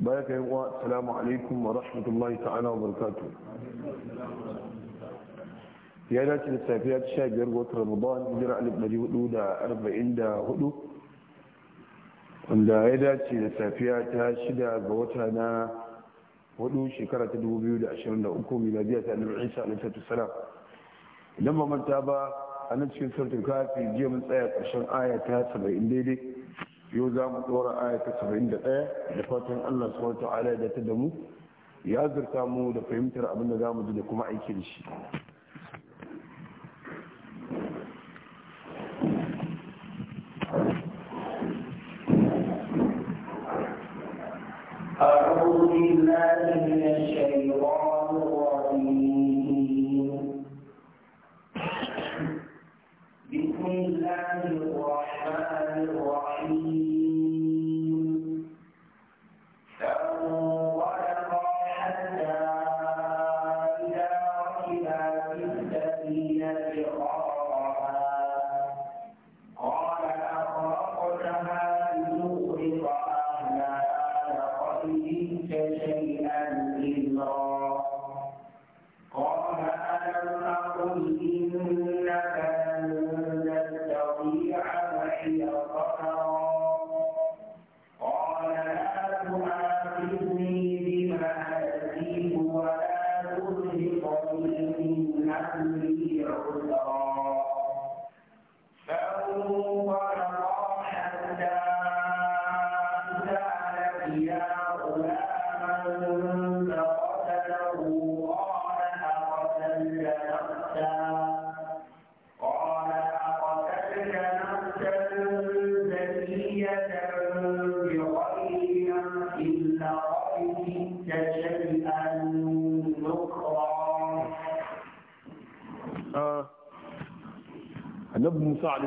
baya ka yi wa 'Salamu alaikum wa rahmatullahi ta'ala wa barakatu ya dace da safiya ta sha biyar ga watan ramadan jira alif ɗari hudu da arba'in da hudu wanda ya dace da safiya ta shida ga wata na hudu shekara ta dubu biyu da ashirin da uku miladiya ta annabi isa alaihi salam idan ba manta ba a nan cikin sautin kafi jiya mun tsaya ƙarshen aya ta saba'in daidai yau za mu ɗora aya ta saba'in da ɗaya da fatan allah su wata ala da ta damu ya zurta mu da fahimtar abin da za mu ji da kuma aiki da shi أعوذ بالله من الشيطان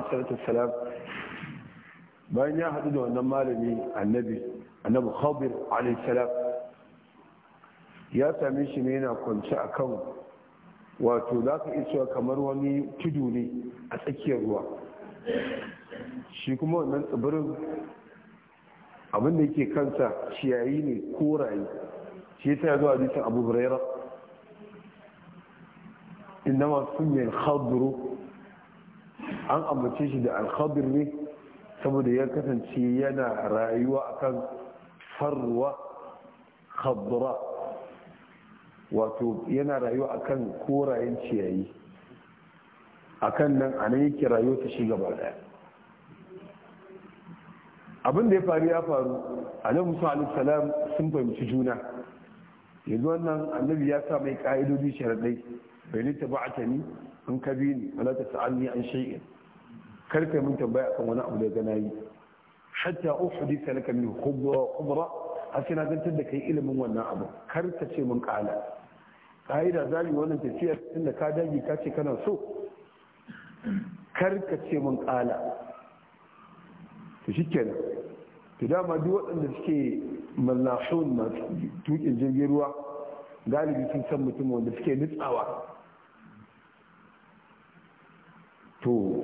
alaihi salam bayan ya haɗu da wannan malami annabi annabi khabir alaihi salam ya same shi ne yana kwance akan wato za ka iya cewa kamar wani tudu ne a tsakiyar ruwa shi kuma wannan tsibirin Abinda da yake kansa ciyayi ne koraye shi ta zuwa jikin abu huraira inda masu yin khadru an ambace shi da alkhadir ne saboda ya kasance yana rayuwa akan farwa khadra wato yana rayuwa akan korayen ciyayi akan nan a nan yake rayuwa ta shi gaba daya abin da ya faru ya faru annabi musa salam sun fahimci juna yanzu wannan annabi ya sa mai ka'idodi sharaɗai bai ni tabata ni in ka bi ni wala ta sa'alni an shay'in karka mun tambaya akan wani abu da ga nayi hatta ufudi salaka min khubra khubra har na gantar da kai ilimin wannan abu karka ce mun kala ka'ida zali wannan tafiyar inda ka dagi ka ce kana so karka ce mun kala to shikenan to dama duk waɗanda suke mallashon masu tukin jirgin ruwa galibi sun san mutum wanda suke nutsawa to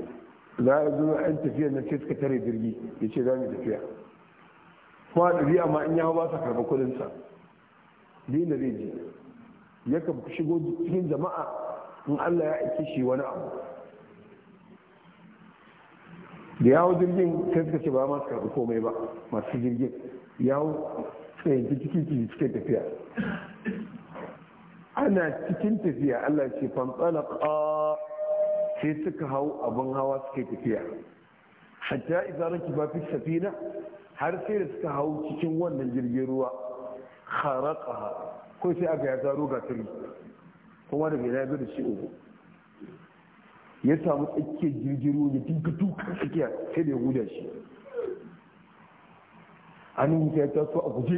za a zo an tafiya na ce suka tare jirgi ya ce za mu tafiya kuma ɗari amma in yawo ba sa karɓa kuɗinsa dina zai je yakan shigo cikin jama'a in allah ya aiki shi wani abu da yawo jirgin sai suka ce ba ma su karɓi komai ba masu jirgin yawo ta cikin ciki cikin tafiya ana cikin tafiya allah ce fantsala sai suka hau abin hawa suka tafiya hatta izarin kifafin safina har sai da suka hau cikin wannan jirgin ruwa kharaqaha ko sai aka ya zaro ga turi kuma da bai da shi uku ya samu tsakiyar jirgin ruwa ya dinka tuka tsakiya sai da ya huda shi hannun ya taso a guje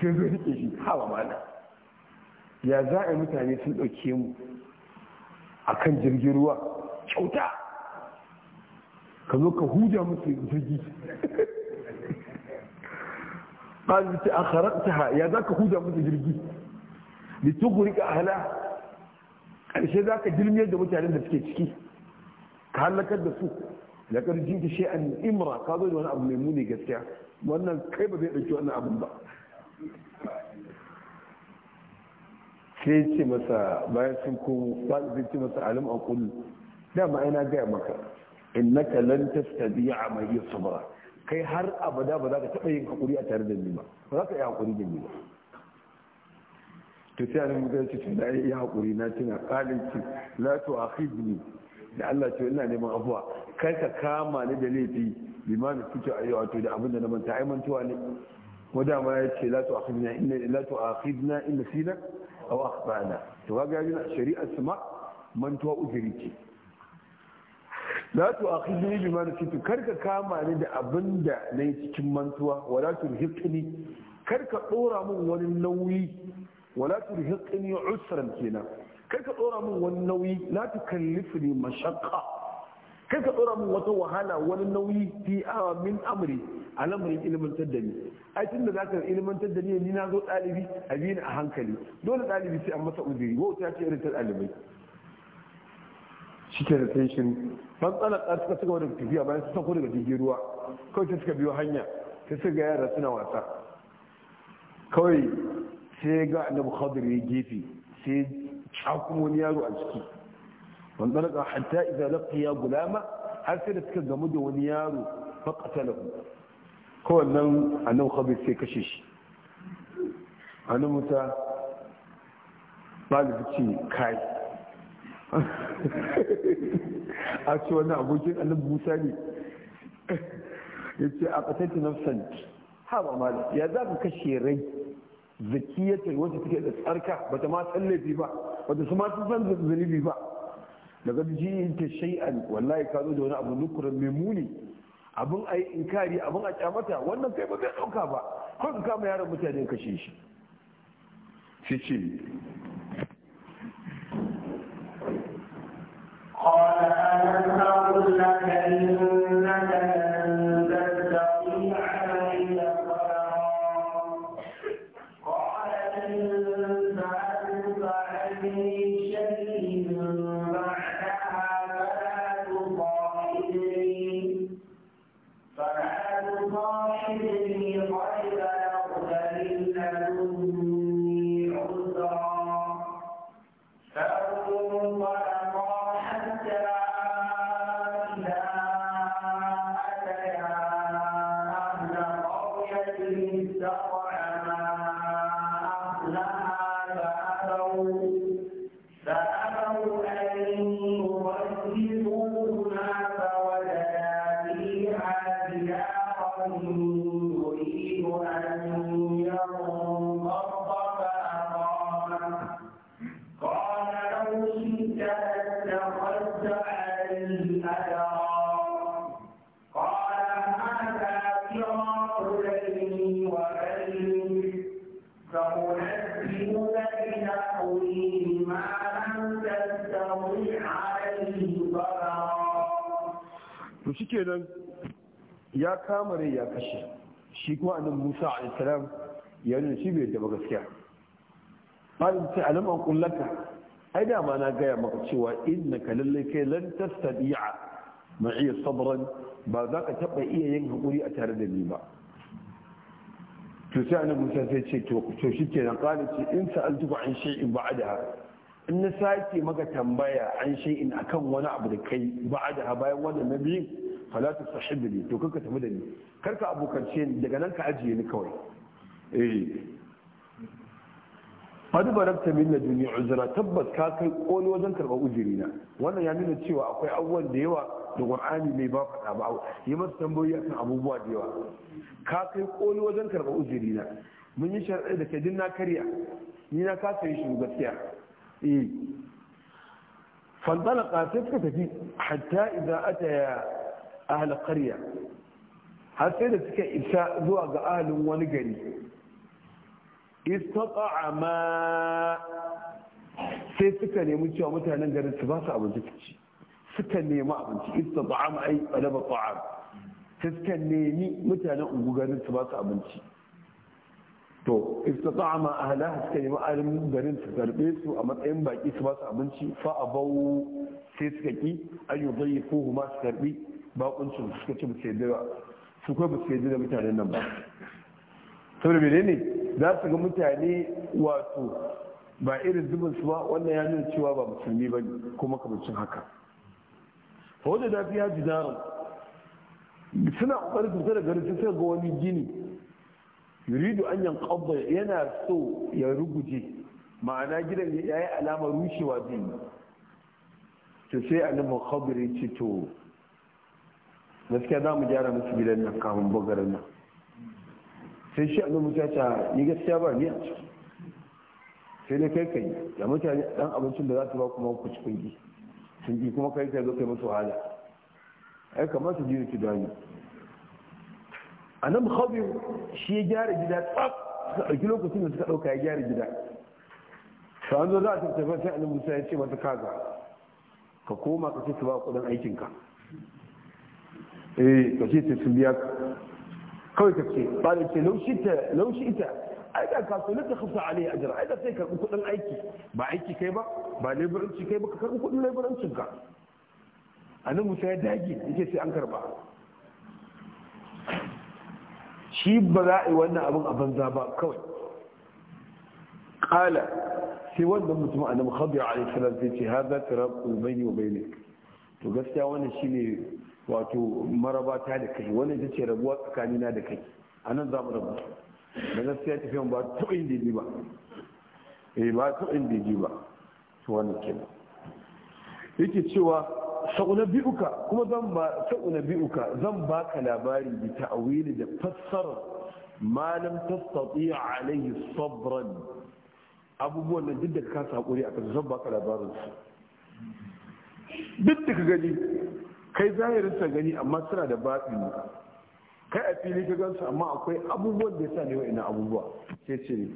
sai zo rike shi hawa mana ya za a mutane sun ɗauke mu a kan jirgin ruwa kyauta ka zo ka huja musu jirgi ƙalin ta akharaqtaha ya za ka huja musu jirgi da ka ahla ƙarshe za ka jirmiyar da mutanen da suke ciki ka halakar da su da ƙarfi ta shi'an imra ka zo da wani abu mai muni gaskiya wannan kai ba zai ɗauki wannan abun ba sai ce masa bayan sun komo ba zai ce masa alim an kullu dama ina gaya maka in na ta biya a mai sabra kai har abada ba za ka taɓa yin hakuri a tare da ni ba ba za ka yi hakuri da ni ba to sai an muka ce to da yi hakuri na tuna qalin ci la a akhidni da Allah ce ina neman abuwa kai ka kama ni da laifi limanin fito a ayyuwa to da abin da na manta ai mantuwa ne ko da ya ce la tu akhidna inna la sina aw akhtana to ga yana shari'ar su ma mantuwa uzuri ce la tu akhidni bima nasitu karka kama ni da abinda nayi cikin mantuwa wala turhiqni karka dora min wani nauyi wala turhiqni usran kenan karka dora min wani nauyi la tukallifni mashaqqa karka dora min wata wahala wani nauyi fi min amri a lamarin ilmantar da ni ai tunda za ka ilmantar da ni ni na zo ɗalibi a bi a hankali dole ɗalibi sai an masa uzuri ta ce irin ta ɗalibai shi ke retention ban tsala ta suka cigaba da tafiya bayan su sako daga jirgin ruwa kawai ta suka biyo hanya ta suka ga yara suna wasa kawai sai ga annabi khadir ya gefe sai cakumo wani yaro a ciki ban tsala hatta idan laqiya gulama har sai da suka gamu da wani yaro faqatalahu kowannan annan khabir sai kashe shi annan musa malibu ce kai a ce wani abokin annan musa ne ya ce a ƙasaitu nafsan haɓa ma ya za ka kashe rai zakiyatar wacce take da tsarka Ba ta masu laifi ba ta su ma sun san zunubi ba daga jini ta shai'an. wallahi ka zo da wani abu nukurin mai muni abin a yi inkari abin a kyamata wannan kai ba zai ɗauka ba ko ka kama yaron mutane kashe shi sai ce قال أنا أقول لك إن kama rai ya kashe shi kuma annabi Musa alaihi salam ya nuna shi bai taba gaskiya malin sai alam an kullaka ai da ma na gaya maka cewa innaka lallai kai lan tastadi'a ma'i sabran ba za ka taba iya yin hakuri a tare da ni ba to sai annabi Musa sai ce to to shikenan qala ce in sa'altuka an shay'in ba'daha in na sake maka tambaya an shay'in akan wani abu da kai ba'daha bayan wannan nabiyin fala ta ne to kanka tafi da ni karka abokance ni daga nan ka ajiye ni kawai eh qad barakta min laduni uzra tabbas ka kai koli wajen karɓar uzuri na wannan ya nuna cewa akwai abubuwan da yawa da qur'ani mai ba faɗa ba yi masa tambayoyi akan abubuwa da yawa ka kai koli wajen karɓar uzuri na mun yi sharɗi da kai na kariya, ni na kasa yi shiru gaskiya eh fantalaka sai suka tafi hatta idza ya. ahal qarya har sai da suka isa zuwa ga ahalin wani gari istata'a ma sai suka nemi cewa mutanen garin su ba su abinci su ci suka nemi abinci istata'a ma ai alaba ta'am sai suka nemi mutanen ungu garin su ba su abinci to istata'a ma ahla suka nemi ahalin garin su karbe su a matsayin baki su ba su abinci fa abau sai suka ki ko ma su karbi bakuncin suka ce basu yadda ba su kai basu yadda da mutanen nan ba saboda mene ne za su ga mutane wato ba irin zubin su ba wannan ya nuna cewa ba musulmi ba kuma kamancin haka fa da fiya jidaran suna kokarin su da garin sai ga wani gini yuridu an yanqadda yana so ya ruguje ma'ana gidan ya yi alamar rushewa zai yi to sai annabi khabir ya ce to gaskiya za mu gyara musu gidan nan kafin bugarin nan sai shi annabi musa ta ni gaskiya ba ni sai dai kai kai da mutane dan abincin da za su ba kuma ku ci kungi sun ji kuma kai kai zo kai musu wahala ai kamar su ji ki dani anan khabir shi ya gyara gida tsaf suka dauki lokacin da suka dauka ya gyara gida sai an zo za a tafi sai annabi musa ya ce mata kaga ka koma ka ce su ba kudin aikinka eh to shi ce sun biya kawai ka ce ba da ce laushi ita ai da ka sunan ta a ali ajira ai da sai karɓi kuɗin aiki ba aiki kai ba ba leburanci kai ba ka karɓi kuɗin leburancin ka A nan musa ya dage yake sai an karɓa shi ba za a yi wannan abin a banza ba kawai ƙala sai wannan mutum annabi khadir alaihi salam zai ce har za hadza tiraqul bayni wa bainik to gaskiya wannan shine wato Maraba ta da kai wani ita ce rabuwa tsakanina da kai a nan za mu rabu da gaskiya tafiya ba taɓa yin daidai ba eh ba taɓa yin daidai ba to wannan kenan yake cewa sa'unabi'uka kuma zan ba ka zan baka labari da ta'awili da fassara ma lam tastati alayhi sabran abubuwan nan duk da ka kasa a akan zan baka labarin su duk da ka gani kai zahirin ta gani amma suna da baɗini kai a fili ka gansu amma akwai abubuwan da ya sa ne ina abubuwa ke ce ne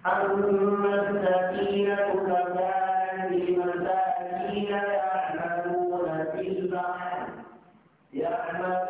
المستقيم في البحر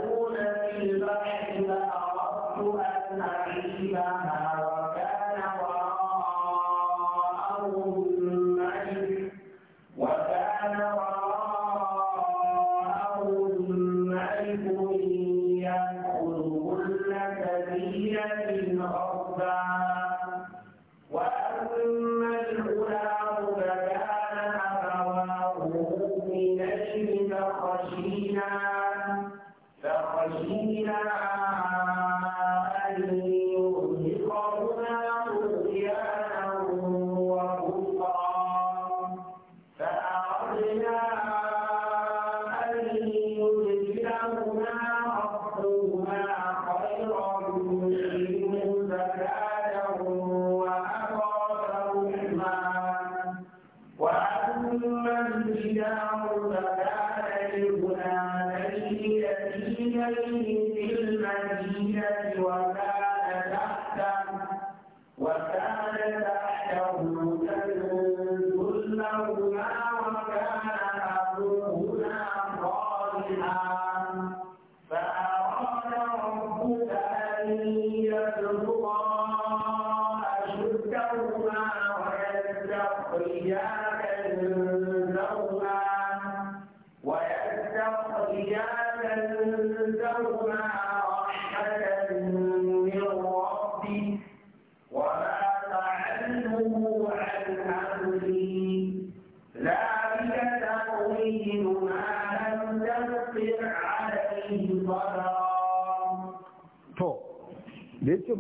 Yeah.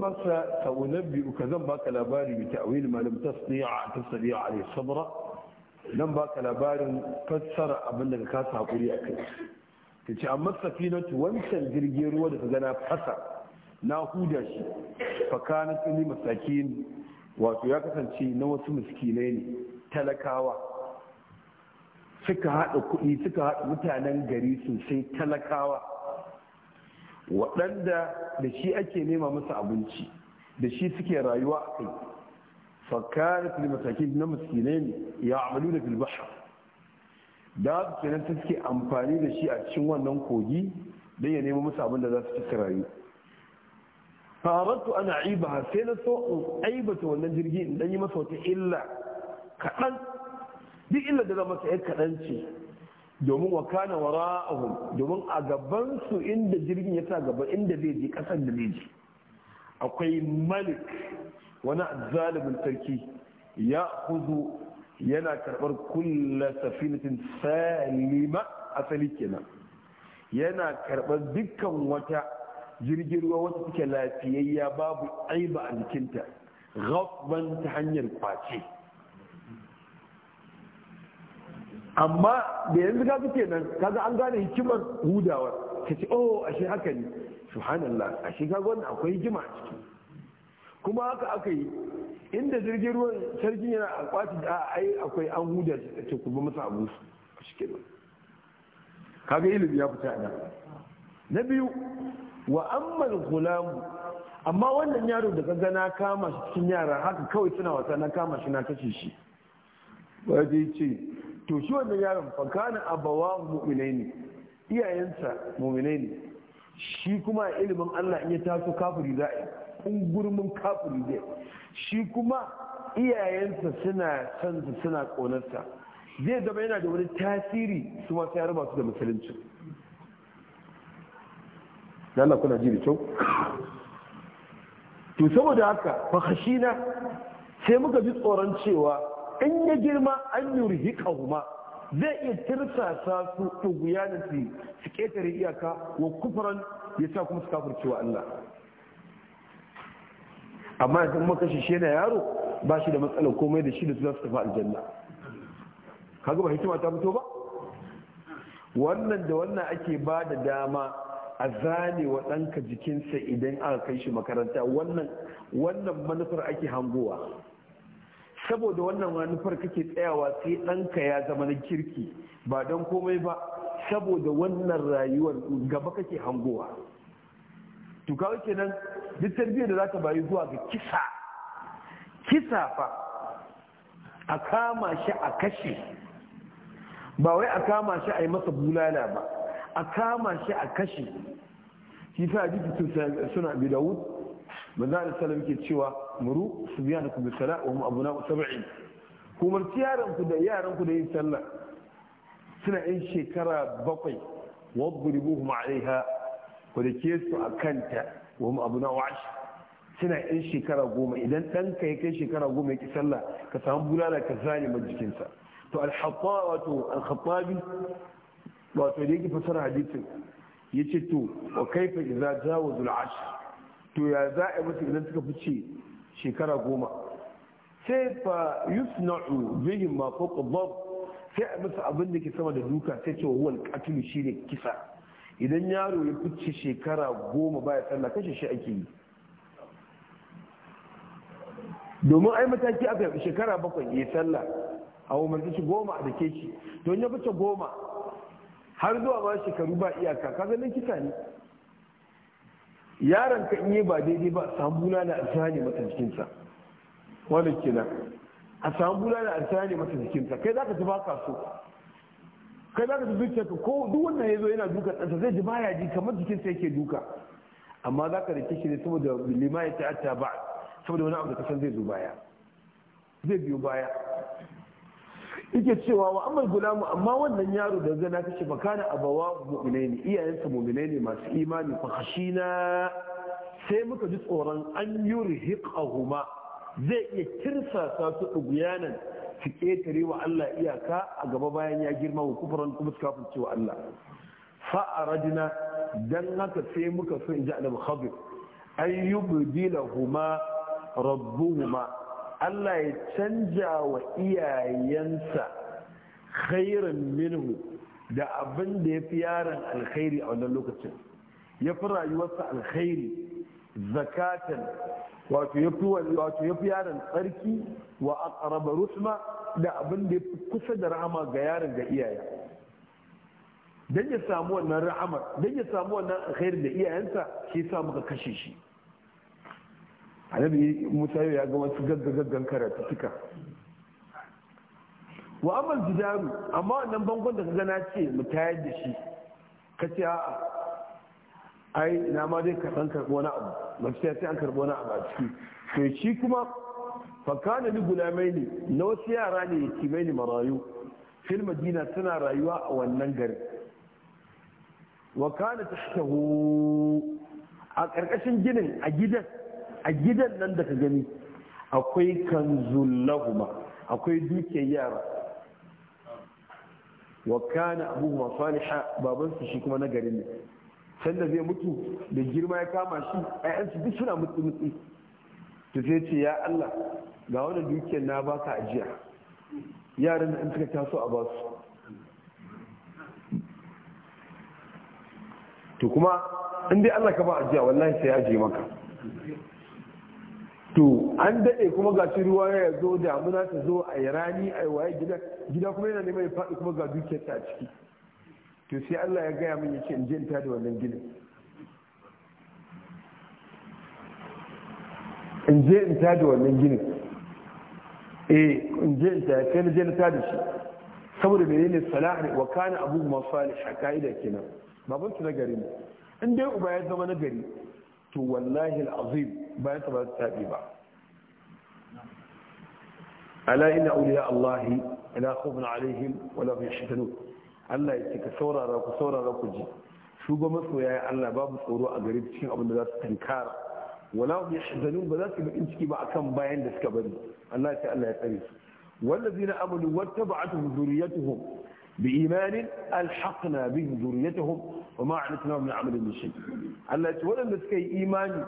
masa ta unabbi ka zan baka labari bi ta'wil ma lam tasdi'a tasdi'a alayhi sabra nan baka labarin fassara abin da ka kasa hakuri akai kace amma safinatu wancan jirgin ruwa da ka gana fasa na huda shi fa kana tsini masakin wato ya kasance na wasu miskinai ne talakawa suka haɗa kuɗi suka haɗa mutanen gari sosai talakawa waɗanda da shi ake nema masa abinci da shi suke rayuwa a kai fakkarat li na miskinai ne ya amalu da filbaha da su kenan ta suke amfani da shi a cikin wannan kogi don ya nemo musu abin da za su ci su rayu faratu ana aiba sai na so in aibata wannan jirgi in dan yi masa wata illa kaɗan duk illa da za masa ya kaɗan ce domin wa kana wara'ahum domin a gabansu inda jirgin ya sa gaba inda zai je kasar da zai akwai malik wani zalimin sarki ya kuzu yana karbar kulla safinatin salima asali kenan yana karbar dukkan wata jirgin ruwa wata take lafiyayya babu aiba a jikinta ghafban ta hanyar kwace amma da yanzu ka suke nan kaga an gane hikimar hudawar ka ce oh ashe haka ne subhanallah ashe kaga wannan akwai hikima a ciki kuma haka aka yi inda jirgin ruwan sarkin yana a kwaci da ai akwai an huda ta kuma masa abu a cikin kaga ilimi ya fita nan na biyu wa ammal gulam amma wannan yaro da kaga na kama shi cikin yara haka kawai suna wasa na kama shi na kashe shi waje ce to shi wannan yaron fa abawa mu'minai ne iyayensa ne shi kuma ilimin Allah in ya taso kafiri a in gurmin kafiri zai shi kuma iyayensa suna son su suna ƙonarsa zai zama yana da wani tasiri su masu ya raba da musulunci Allah kuna ji da kyau to saboda haka fa khashina sai muka ji tsoron cewa in ya girma an yurhi kahuma zai iya tirsasa su ɗuguya da su su ƙetare iyaka wa kufuran ya sa kuma su wa Allah amma kuma makashi shi yana yaro ba shi da matsalar komai da shi da su za su tafi aljanna kaga ba hikima ta fito ba wannan da wannan ake ba da dama a zane wa ɗanka jikinsa idan aka kai shi makaranta wannan manufar ake hangowa saboda wannan manufar kake tsayawa sai ɗanka ya zama na kirki ba don komai ba saboda wannan rayuwar gaba kake hangowa to kawai kenan duk tarbiyyar da za ta bayu zuwa ga kisa kisa fa a kama shi a kashe ba wai a kama shi a yi masa bulala ba a kama shi a kashe shi sa jikin suna bidawud manzo Allah sallallahu ke cewa muru su biya da kuma sala wa mu abu na saba'in umarci yaranku da yaranku da yin sallah suna yan shekara bakwai wadribuhum alaiha ku da ke su a kanta wa mu abu na wa'ash suna yan shekara goma idan ɗanka ya kai shekara goma ya ki sallah ka samu bulala ka zalima jikinsa to alhatta wato alhattabi wato da yake fasara hadisin ya ce to wa kaifa idza jawazul ashr to ya za a musu idan suka fice shekara goma sai fa yusna'u bihim ma fuq dhab sai a musu abin da ke sama da duka sai ce wal qatl shine kisa idan yaro ya fice shekara goma baya sallah kashe shi ake yi domin ai mataki aka shekara bakwai ya sallah a umarci shi goma a dake shi don ya fice goma har zuwa ma shekaru ba iyaka kaga nan kisa ne yaron ka in yi ba daidai ba samu da a ne masa jikinsa wani kenan a samu da a ne masa jikinsa kai za ka ji ka so kai za ka ji zuciya ka ko duk wanda ya zo yana duka ɗansa zai ji baya ji kamar jikinsa yake duka amma za ka rike shi ne saboda lima ya ta'atta ba saboda wani abu da kasan zai zo baya zai biyo baya yake cewa wa amal gulamu amma wannan yaro da zana na kashe kana abawa ne iyayensa muminai ne masu imani fa khashina sai muka ji tsoron an huma zai iya kirsasa su duguyanan su ketare wa Allah iyaka a gaba bayan ya girma wa kufran kuma su kafin cewa Allah fa rajina dan haka sai muka so in ji annabi khabir an Rabbu rabbuhuma Allah ya canja wa iyayensa khairin minhu da abin da ya fi yaron alkhairi a wannan lokacin ya fi rayuwarsa alkhairi zakatan wato ya fi yaron tsarki wa aqraba rusma da abin da ya fi kusa da rahama ga yaron ga iyaye dan ya samu wannan rahama dan ya samu wannan alkhairi da iyayensa shi sa muka kashe shi annabi musa ya ga wasu gaggagaggan karatu suka wa amal jidaru amma wannan bangon da kaga na ce mu tayar da shi ka ce a'a ai na ma dai karɓan karɓi wani abu mafi sai an karɓo wani abu a ciki to shi kuma fakana ni gulamai ne na wasu yara ne ya mai ne marayu fil madina suna rayuwa a wannan garin wa kana tashtahu a ƙarƙashin ginin a gidan a gidan nan da ka gani akwai kan lahuma akwai dukiyar yara wa kana abu saliha baban su shi kuma na garin ne can da zai mutu da girma ya kama shi ƴaƴan su duk suna mutu-mutu. to sai ce ya Allah ga wannan dukiyar na baka ajiya yaran in suka taso a basu to kuma in dai Allah ka ba ajiya wallahi sai ajiye maka to an daɗe kuma ga shi ruwa ya zo damuna ta zo a yi rani a yi waye gida gida kuma yana neman ya faɗi kuma ga dukiyar ta a ciki to sai Allah ya gaya min yake in je in da wannan ginin in je in da wannan ginin eh in je in tada kai na je na tada shi saboda menene salah wa kana abu ma a ka'ida kenan baban na gari ne in dai uba ya zama na gari to wallahi al'azim bayan ta ba ta taɓi ba ala ina auliya allahi ila khawfin alaihim wala hum yahzanun Allah ya ce ka saurara ku saurara ku ji shugaban soyayya Allah babu tsoro a gari cikin abin da za su tankara wala hum yahzanun ba za su baƙin ciki ba akan bayan da suka bari Allah ya ce Allah ya tsare su zina wallazina amanu wattaba'atuhum dhurriyyatuhum بإيمان ألحقنا بهم ذريتهم وما أعلتنا من عمل من شيء الله يقول أن سكي إيماني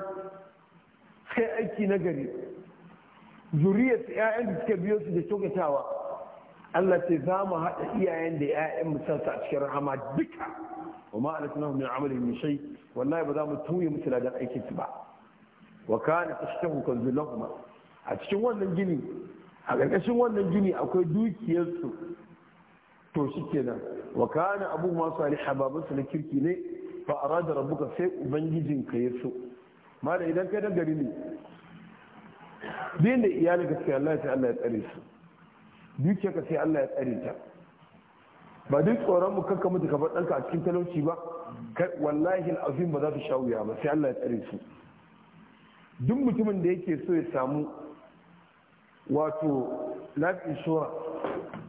سكي أيكي نجري ذرية آئين سكي بيوسي دي توقي تاوى الله تزام هذا آئين دي آئين مسلسة أشكر رحمة بكا وما أعلتنا من عمل من شيء والله بدام التوية مثل هذا أيكي تبع وكان تشتهو كنز لهما أتشتهو أن الجني a ƙarƙashin wannan gini akwai dukiyarsu to shi kenan wa kana abu ma salih babansa na kirki ne fa arada rabbuka sai ubangijin ka ya so mala idan kai dan gari ne bin da iyali ka sai Allah sai Allah ya tsare su dukiya ka sai Allah ya tsare ta ba duk tsoron mu kanka mutu ka bar danka a cikin talauci ba wallahi alazim ba za su sha wuya ba sai Allah ya tsare su duk mutumin da yake so ya samu wato life insurance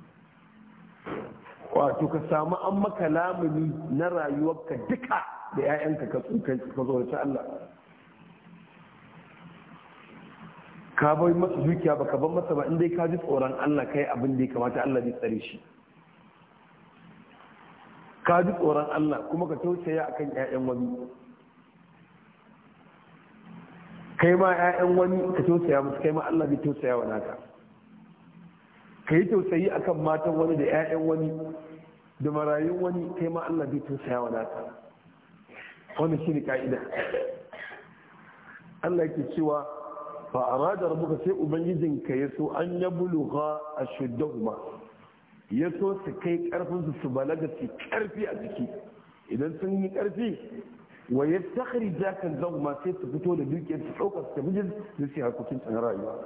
wato ka samu an maka lamuni na rayuwarka duka da 'ya'yanka ka tsukan ka tsoraci Allah ka bai masa dukiya ba ka ban masa ba inda ka ji tsoron Allah kai abin da ya kamata Allah zai tsare shi ka ji tsoron Allah kuma ka tausaya akan 'ya'yan wani kai ma 'ya'yan wani ka tausaya musu kai ma Allah zai tausaya wa naka ka yi tausayi a kan matan wani da 'ya'yan wani da marayun wani kai ma Allah bai tausaya wa wani shi shine ka'ida Allah yake cewa ba a arada muka sai ka ya so an ya a ashuddahuma ya so su kai karfinsu su balaga su karfi a jiki idan sun yi karfi wa ya takhrija kan zawma sai su fito da dukiyar su ɗaukar su tafi da su harkokin tsanar rayuwa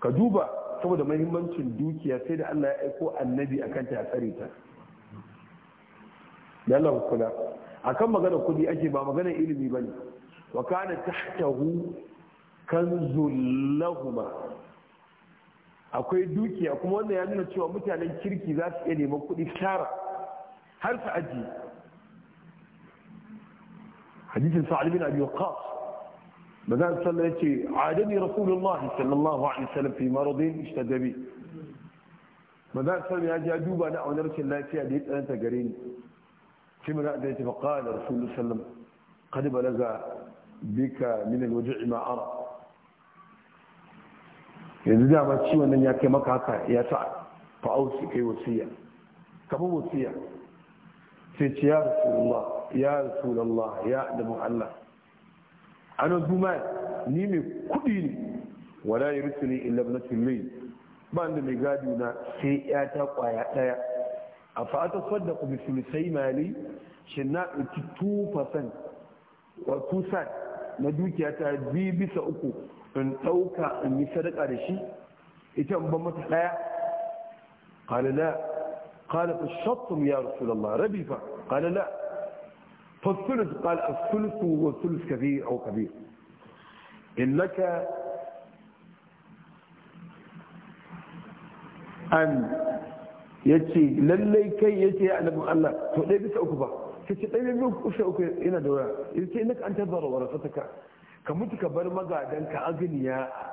ka duba saboda mahimmancin dukiya sai da Allah ya aiko annabi akan ta tsare ta yalla kula akan magana kudi ake ba magana ilimi bane wa kana tahtahu kanzul lahuma akwai dukiya kuma wannan ya nuna cewa mutanen kirki za su iya neman kudi tara har su aji hadisin sa'ad bin abi waqqas ماذا صلى يتي عادني رسول الله صلى الله عليه وسلم في مرض اشتد بي ماذا صلى يا أدوب أنا أو نرسل الله في أديت أنت قرين كما رأيت فقال رسول الله صلى الله عليه وسلم قد بلغ بك من الوجع ما أرى yanzu dama ciwon nan ya kai maka haka ya sa fa'ausi kai wasiya kamar wasiya sai ce ya rasulullah ya rasulullah ya adamu allah ana zuma ni mai kuɗi ne wala ya rufe ne illa na tilai ba da mai gadi na sai ya ta kwaya ɗaya a fata sadda ku bisu sai mali shi na ɗauki 2% wa 2% na dukiya ta biyu bisa uku in ɗauka in yi sadaka da shi ita in ban mata ɗaya قال لا قال فالشطم يا رسول الله ربي فالثلث قال الثلث هو ثلث كبير أو كبير إن لك أن يتي للي كي يتي يعلم الله فلي بس أكبر تتي لي طيب بس أكبر إنا دورا يتي إنك أن تظهر ورثتك كمتك برمجا دانك أغنياء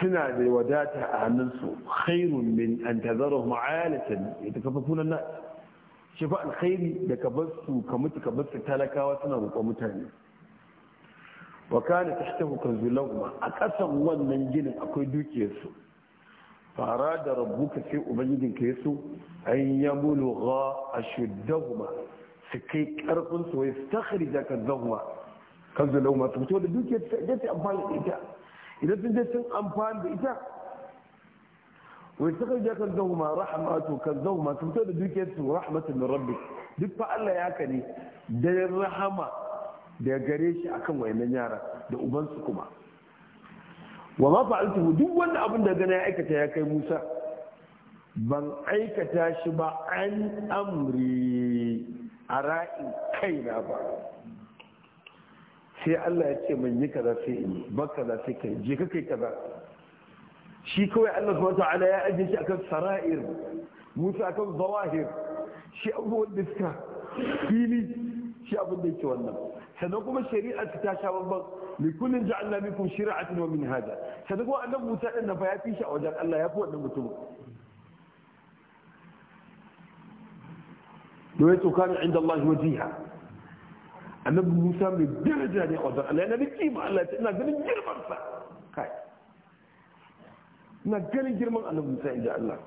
سنة da wadata خير من أن تذرهم عالة يتكففون الناس shi alkhairi da ka bar su ka mutu ka bar su talakawa suna roƙon mutane wa kana tahtahu kanzulahuma a ƙasan wannan ginin akwai dukiyarsu fara da rabbuka sai ubangijinka ya so an ya bulugha ashuddahuma su kai karfin su wai stakhrija kanzahuma kanzulahuma su fito da dukiyar su da ta amfani da ita idan sun je sun amfani da ita wai suka je kan zahu ma rahmatu kan zahu ma sun da dukiyar su rahmatu min rabbi duk fa Allah ya ka ne da rahama da gare shi akan wayannan yara da uban su kuma wa ma fa'altuhu duk wanda abin da gana ya aikata ya kai Musa ban aikata shi ba an amri a ra'in kaina ba sai Allah ya ce man yi kaza sai in yi ba kaza sai kai je kai kaza شيكو يا الله سبحانه وتعالى يا أجل شأك السرائر موسى أكل الظواهر شي أبو الدسكة فيلي شي أبو الدسكة سنقوم الشريعة تتاشى ربك لكل جعلنا منكم شراعة ومن هذا سنقوم أن موسى أن فياتي شأ وجعل الله يفو أن نمتم نويت كان عند الله وزيها أن موسى من الدرجة لأن نبي كيف الله تأنا ذلك جرمان فا na ganin girman annabi musa inda allah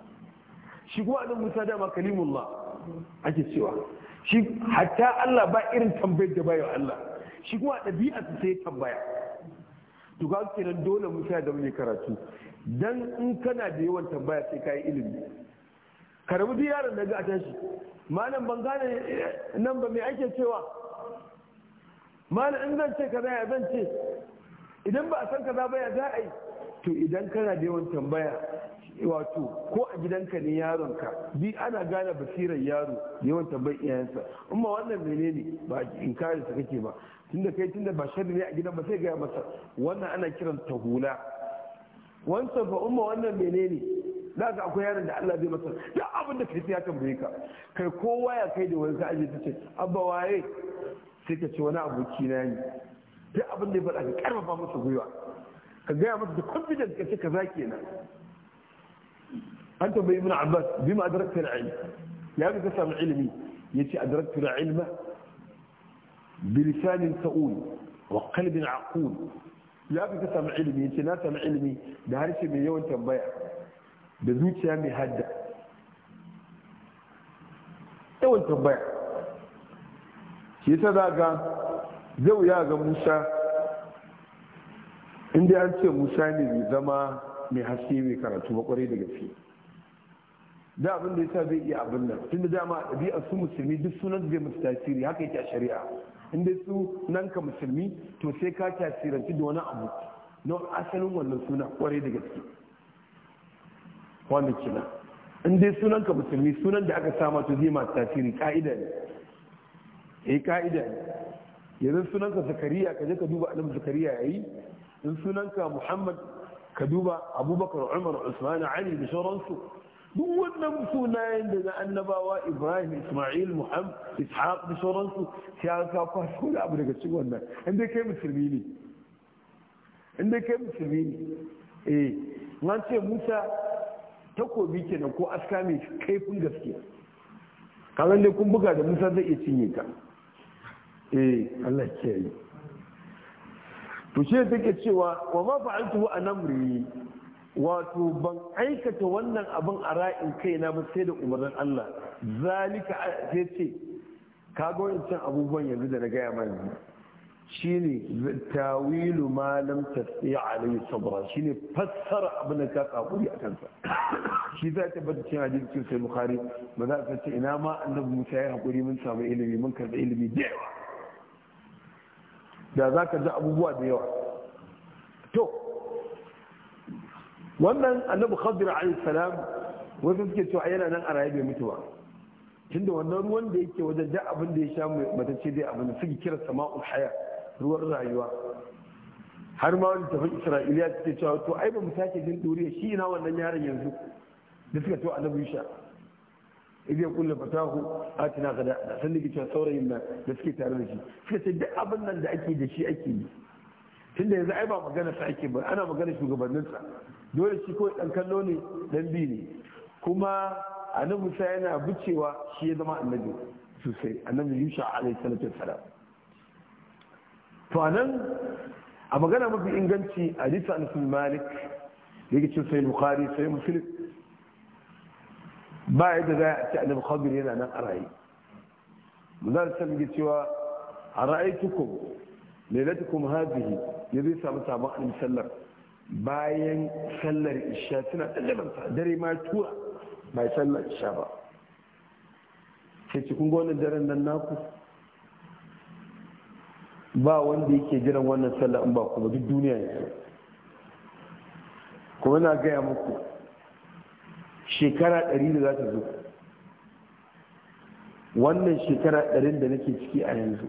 shi kuma annabi musa dama kalimullah ake cewa shi hatta allah ba irin tambayar da bayan allah shi kuma su sai tambaya to ga kenan dole musa da mai karatu dan in kana da yawan tambaya sai kai ilimi karabu duk yaron da ga a tashi malam ban gane eh, nan ba mai ake cewa malam in zan ce kaza ya zan ce idan ba a san kaza ba ya za a yi to idan kana da yawan tambaya wato ko a gidanka ne yaronka bi ana gane basirar yaro yawan tambayar iyayensa amma wannan menene ba kare sa kake ba tunda kai tunda ba sharri ne a gidan ba sai gaya masa wannan ana kiran ta hula wancan ba umma wannan menene za ka akwai yaron da Allah zai masa Da abin da kai ya tambaye ka kai kowa ya kai da wani ka aje ta ce abba waye sai ka ce wani aboki na ne duk abin da ya faɗa ka karfafa masa gwiwa ka gaya masa da confidence ka ce ka za ke nan an tambayi ibn abbas bi ma adrakta na ilmi ya ga ka samu ilimi ya ce adrakta na ilma bilisanin sa'ul wa qalbin aqul ya ga ka samu ilimi ya ce na samu ilimi da harshe mai yawan tambaya da zuciya mai hadda yawan tambaya shi ta za ga zai ga musa inda an ce musa ne bai zama mai haske mai karatu makwarai da gaske da abin da yasa zai iya abin nan tunda dama a ɗabi'a su musulmi duk sunan zai musu tasiri haka yake a shari'a inda su nan ka musulmi to sai ka tasiranci da wani abu na asalin wannan suna kwarai da gaske wanda kina in dai sunan ka musulmi sunan da aka sama to zai masu tasiri ka'ida ne eh ka'ida ne yanzu sunan ka zakariya ka je ka duba alim zakariya yayi in sunanka muhammad ka duba abubakar umar usman ali da sauransu duk wannan sunayen da na annabawa ibrahim ismail muhammad ishaq da sauransu sai an ka kwaso da abu daga cikin wannan inda kai musulmi ne inda kai musulmi ne eh nan ce musa takobi kenan ko aska mai kaifin gaskiya kalan dai kun buga da musa zai iya cinye ka eh allah kiyaye to shi take cewa wa ma fa'altu an amri wato ban aikata wannan abin a ra'in kaina ba sai da umarnin Allah zalika sai ce ka ga wancan abubuwan yanzu da na gaya mana shine tawilu ma lam tasbi alayhi sabra shine fassara abin da ka kakuri a kansa shi za ta bada cin hadisi cikin sai bukhari ba za ta ce ina ma annabi musa ya hakuri mun samu ilimi mun karɓi ilimi da yawa da za ka ji abubuwa da yawa to wannan annabi khadir alayhi salam wasu suke cewa yana nan a raye bai mutu ba tunda wannan ruwan da yake wajen da abin da ya sha mata ce dai abin da suke kira sama'ul haya ruwan rayuwa har ma wani tafi isra'iliya suke cewa to ai ba mu sake jin duriya shi ina wannan yaron yanzu da suka to annabi sha idai kulle fatahu atina gada da san dake cewa saurayin nan da suke tare da shi suka ce duk abin nan da ake da shi ake yi tunda yanzu ai ba magana sa ake ba ana magana shugabannin sa dole shi ko dan kallo ne dan bi ne kuma annabi Musa yana bucewa shi ya zama annabi sosai annabi Yusha alaihi salatu wassalam to anan a magana mafi inganci a lisa malik yake cewa sai bukhari sai muslim ba yadda za a ci annabi khadir yana nan a raye manzon da alaihi cewa a ra'aytukum lailatukum ya zai samu sabon annabi sallar bayan sallar isha tana dallabansa dare ma tura bai sallar isha ba sai cikin gonar daren nan naku ba wanda yake jiran wannan sallar in ba kuma duk duniya ya kuma na gaya muku shekara ɗari da za ta zo wannan shekara ɗarin da nake ciki a yanzu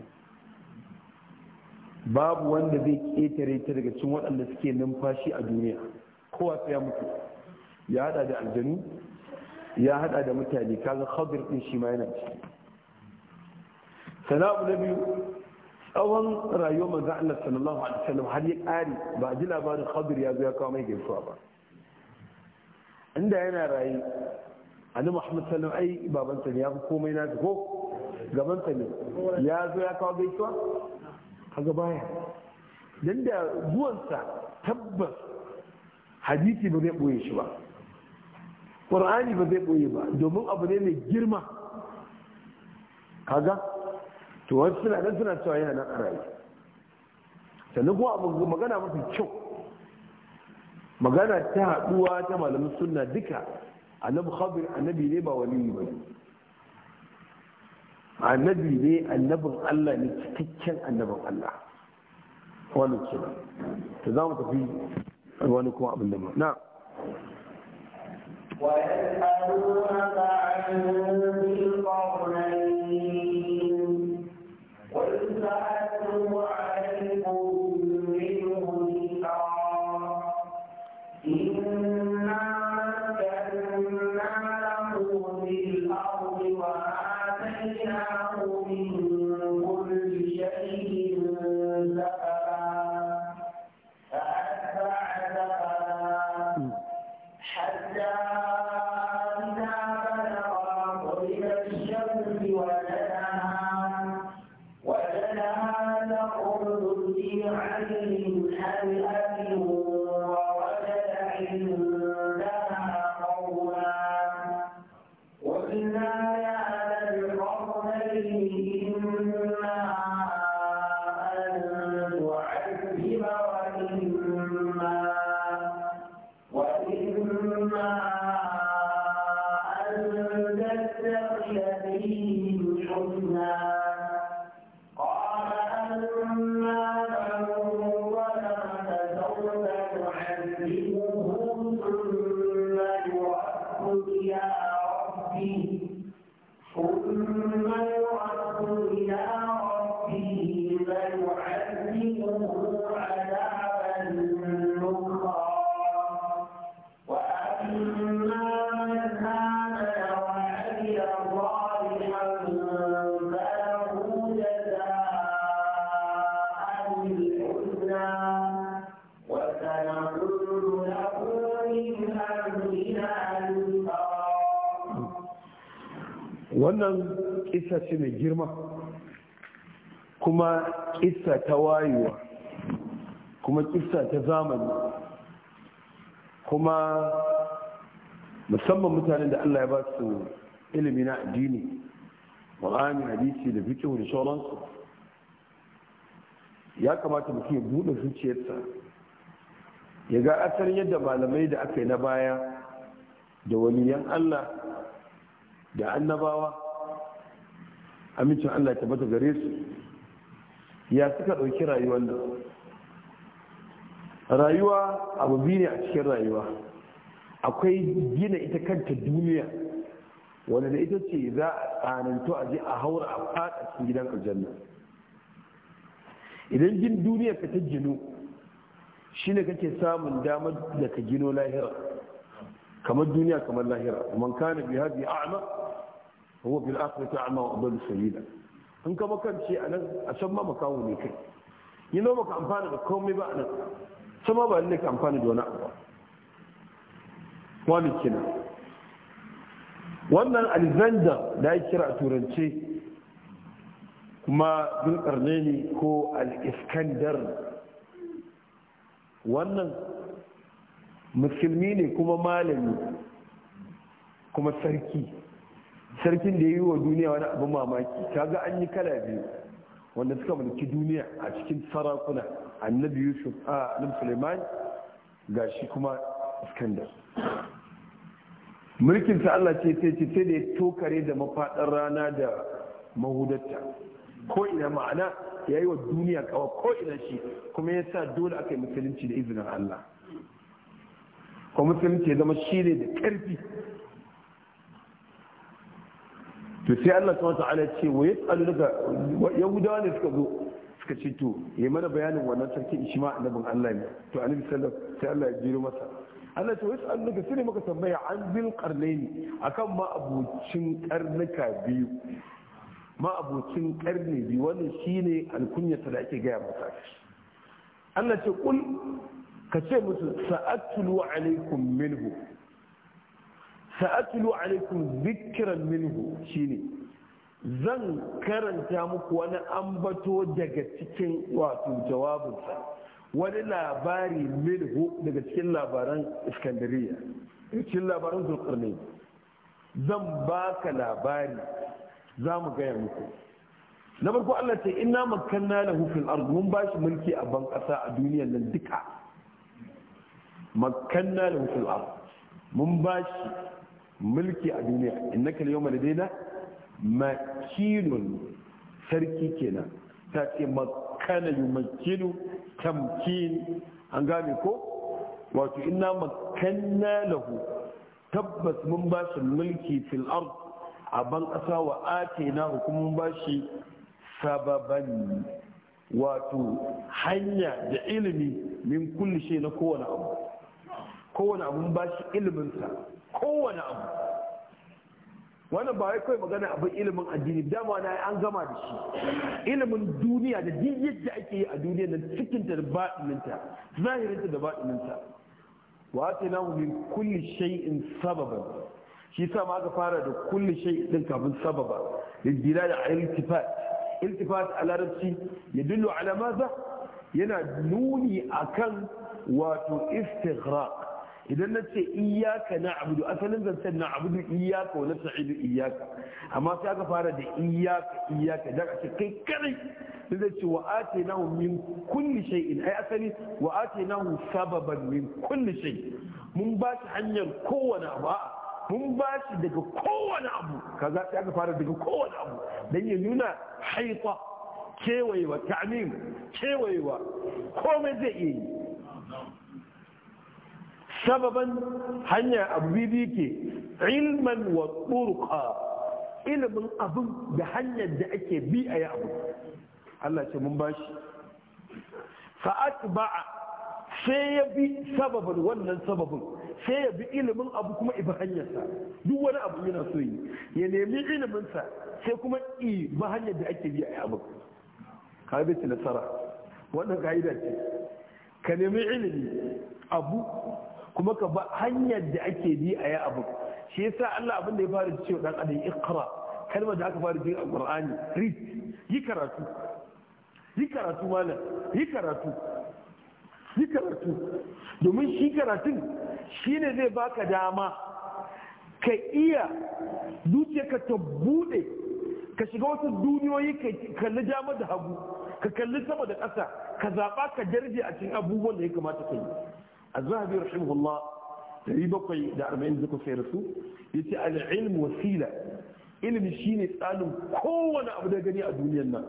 babu wanda zai ƙetare ta daga cikin waɗanda suke numfashi a duniya kowa sai ya mutu ya hada da aljanu ya hada da mutane kaga khadir din shi ma yana ciki sana'u na biyu tsawon rayuwar manzo Allah sallallahu alaihi wasallam har ya kare ba ji labarin khadir ya zo ya kawo mai gaisuwa ba inda yana rayu ani muhammad sallam ai babansa ne ya fi komai na ko gabansa ne ya zo ya kawo gaisuwa kaga baya dan da zuwansa tabbas hadisi ba zai boye shi ba qur'ani ba zai boye ba domin abu ne mai girma kaga to wasu suna nan suna cewa yana nan a rayu sannan kuma abu magana mafi kyau magana ta haduwa ta malamin sunna duka annabi khabir annabi ne ba waliyi ba annabi ne annabin Allah ne cikakken annabin Allah wani kira ta za mu tafi wani kuma abin da na wa ويسألونك عن ذي القرنين wannan kisa ce mai girma kuma kisa ta wayewa kuma kisa ta zamani kuma musamman mutanen da allah ya ba su ilimi na addini ƙwararri hadisi da fikihu da sauransu ya kamata mutum ya buɗe zuciyarsa ya ga asalin yadda malamai da aka yi na baya da waliyan allah da annabawa amincin allah ta bata gare su ya suka ɗauki rayuwar da rayuwa abu biyu ne a cikin rayuwa akwai gina ita kanta duniya wanda da ita ce za a tsananto a je a haura a fada cikin gidan aljanna idan jin duniya ka ta gino shine kake samun damar da ka gino lahira kamar duniya kamar lahira man kana bi hadi a'ma huwa bil akhirati a'ma wa adallu sabila in ka makance a nan a san ma makawo ne kai yi no baka amfana da komai ba a nan san ma ba lalle ka amfana da wani abu wani kina wannan alexander da ya kira a turance kuma bin karne ne ko al-iskandar wannan musulmi ne kuma malami kuma sarki sarkin da ya yi wa duniya wani abin mamaki ta ga an yi kala biyu wanda suka mulki duniya a cikin sarakuna annabi yusuf a annabi suleiman ga shi kuma iskandar Mulkin ta allah ce sai ce sai da ya tokare da mafaɗar rana da mahudatta ko ina ma'ana ya yi wa duniya kawa ko ina shi kuma ya sa dole aka yi musulunci da izinin allah kuma musulunci ya zama shi ne da ƙarfi to sai Allah ta wata ala ce wa yasalu daga yahudawa ne suka zo suka ce to ya mana bayanin wannan sarki shi ma annabin Allah ne to annabi sallallahu sai Allah ya jiro masa Allah ta wasu annuka su ne maka tambaya an ne karnaini akan ma'abucin karnuka biyu ma'abucin karni biyu wannan shine alkunyata da ake gaya masa Allah ce kul ka ce musu sa'atulu alaikum minhu sa'atulu alaikum zikiran minhu shine zan karanta muku wani ambato daga cikin wato jawabinsa wani labari minhu daga cikin labaran iskandariya cikin labaran zulkarni zan baka labari za mu gaya muku na farko Allah ce inna makanna lahu fil ard mun bashi mulki a ban kasa a duniyar nan duka makanna da hukul ar mun ba shi mulki a duniya kal yawma ladaina makinun sarki kenan ta ce makana yumakkinu tamkin an gane ko wato inna makanna lahu tabbas mun ba shi mulki fil ard a ban kasa wa atina hukumun ba shi sababan wato hanya da ilimi min kulli shi na kowane abu kowane abu ba shi iliminsa kowane abu wannan ba wai kawai magana abin ilimin addini dama na an gama da shi ilimin duniya da duk yadda ake yi a duniya na cikinta da baɗininta zahirinta da baɗininta wa ta na min kulli shay'in sababan shi sa ma aka fara da kulli shay'in din kafin sababa lidila da iltifat iltifat a larabci ya dillo ala maza yana nuni akan wato istighraq idan na ce iyaka na abudu asalin zancen na abudu iyaka wani sa'idu iyaka amma sai aka fara da iyaka iyaka da a ce kai kadai sai zai ce wa na nahu min kulli shay'in ai asali wa na nahu sababan min kulli shay mun ba shi hanyar kowane abu mun ba shi daga kowane abu kaza sai aka fara daga kowane abu dan ya nuna haita kewayewa ta'mim kewayewa komai zai iya yi sababan hanya abu bibi ke ilman wa turqa ilimin abin da hanyar da ake bi a yi abu Allah ce mun bashi fa'at ba'a sai ya bi sababin wannan sababin sai ya bi ilimin abu kuma ibi hanyarsa duk wani abu yana so yi ya nemi iliminsa sai kuma i hanyar da ake bi a yi abu ka bi nasara wannan ka'ida ce ka nemi ilimi abu kuma ka ba hanyar da ake bi a yi abu shi yasa Allah abin da ya fara cewa dan adam iqra kalmar da aka fara ji a Qur'ani read yi karatu yi karatu malam yi karatu yi karatu domin shi karatun shine zai baka dama ka iya ka ta bude ka shiga wasu duniyoyi ka kalli dama da hagu ka kalli sama da ƙasa ka zaɓa ka darje a cikin abubuwan da ya kamata ka yi az-zahabi rahimahullah dari bakwai da arba'in da kuka rasu yace al-ilm wasila ilimi shine tsanin kowane abu da gani a duniyar nan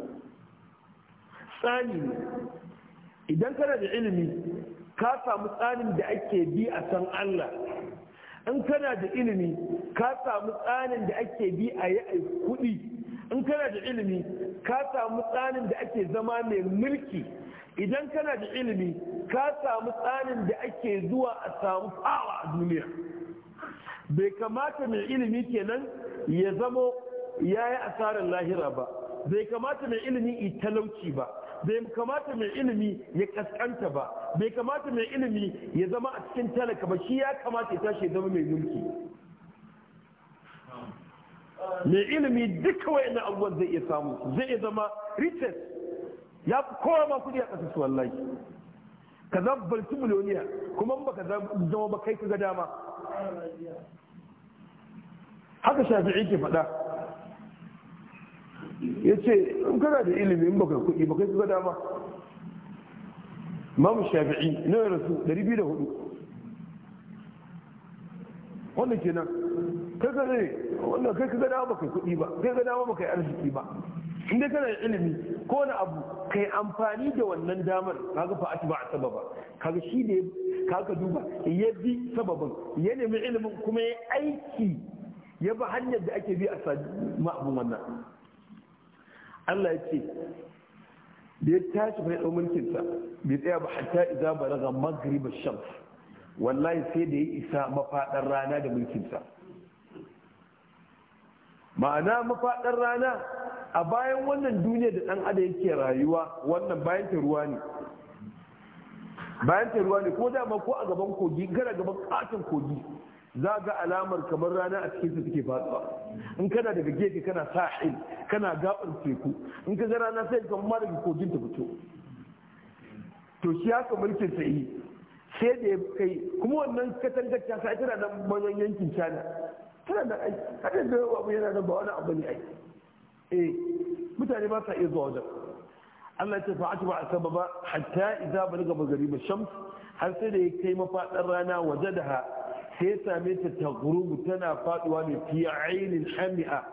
tsani idan kana da ilimi ka samu tsarin da ake bi a Allah in kana da ilimi ka samu tsarin da ake bi a yi kuɗi in kana da ilimi ka samu tsarin da ake zama mai mulki idan kana da ilimi ka samu tsarin da ake zuwa a samu fawa a duniya bai kamata mai ilimi kenan ya zamo ya yi asarar lahira ba bai kamata mai ilimi yi talauci ba bai kamata mai ilimi ya kaskanta ba bai kamata mai ilimi ya zama a cikin talaka ba shi ya kamata ya tashi ya zama mai mulki mai ilimi duka yana abubuwan zai iya samu zai iya zama riches ya fi kowa ma kudi a ƙasashe wallahi ka zabbalci miliyoniya kuma ba ka zama ba kai ka ga dama haka shafi'i ke faɗa ya ce in kana da ilimi in baka kuɗi ba kai ka ga dama mamu shafi'i na rasu 204 wannan kenan kai ka zai kai ka ga dama ba kai kuɗi ba kai ka ga dama ba kai arziki ba in kana da ilimi ko wani abu ka yi amfani da wannan damar kaga fa a sababa kaga shi ne kaga duba ya bi sababin ya nemi ilimin kuma ya aiki ya bi hanyar da ake bi a sami abin wannan Allah ya ce da ya tashi fa ya mulkinsa bai tsaya ba hatta iza ba raga ash-shams wallahi sai da ya isa mafaɗar rana da mulkinsa ma'ana mafaɗar rana a bayan wannan duniya da ɗan ada yake rayuwa wannan bayan ta ruwa ne bayan ta ruwa ne ko dama ko a gaban kogi gara gaban katon kogi za ga alamar kamar rana a su suke faɗuwa in kana daga gefe kana sahil kana gaɓar teku in ka ga rana sai ka ma daga kogin ta fito to shi haka mulkin sa yi sai da ya kai kuma wannan katangar ta sai tana nan manyan yankin China tana da aiki har yanzu yawa abu yana nan ba wani abu ne aiki eh mutane ba sa iya zuwa wajen Allah ya ce fa atba asbaba hatta idza balaga ba shams har sai da ya kai mafadar rana waje sai ya same ta taghrubu tana faduwa ne fi ainin hami'a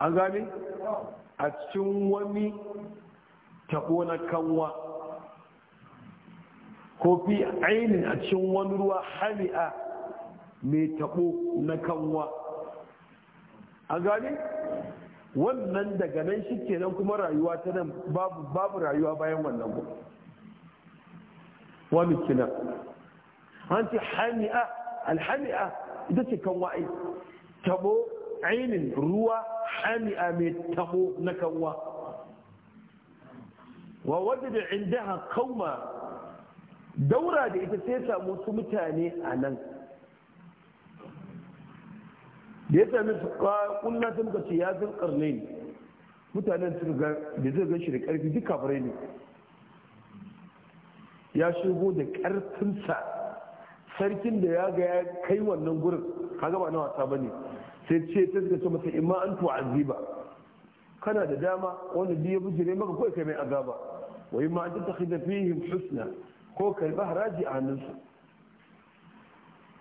an gane a cikin wani tabo na kanwa ko fi ainin a cikin wani ruwa hami'a mai taɓo na kanwa a gane wannan daga nan shi kenan kuma rayuwa ta nan babu rayuwa bayan wannan ba wa kina an ce hami'a alhami'a ita ce kanwa ai taɓo ainin ruwa hami'a mai taɓo na kanwa wa wadda da inda kauma daura da ita sai samu su mutane a nan da ya sami su kunna sun ka ce ya zan karne ne mutanen sun ga da zai gan shi da karfi duk kafirai ne ya shigo da karfinsa sarkin da ya ga ya kai wannan gurin ka gaba na wasa ba ne sai ce ta suka ce masa imma an tu'aziba kana da dama wanda duk ya bujire maka kawai kai mai azaba wa imma an tattakhidha fihim husna ko karba haraji a hannunsu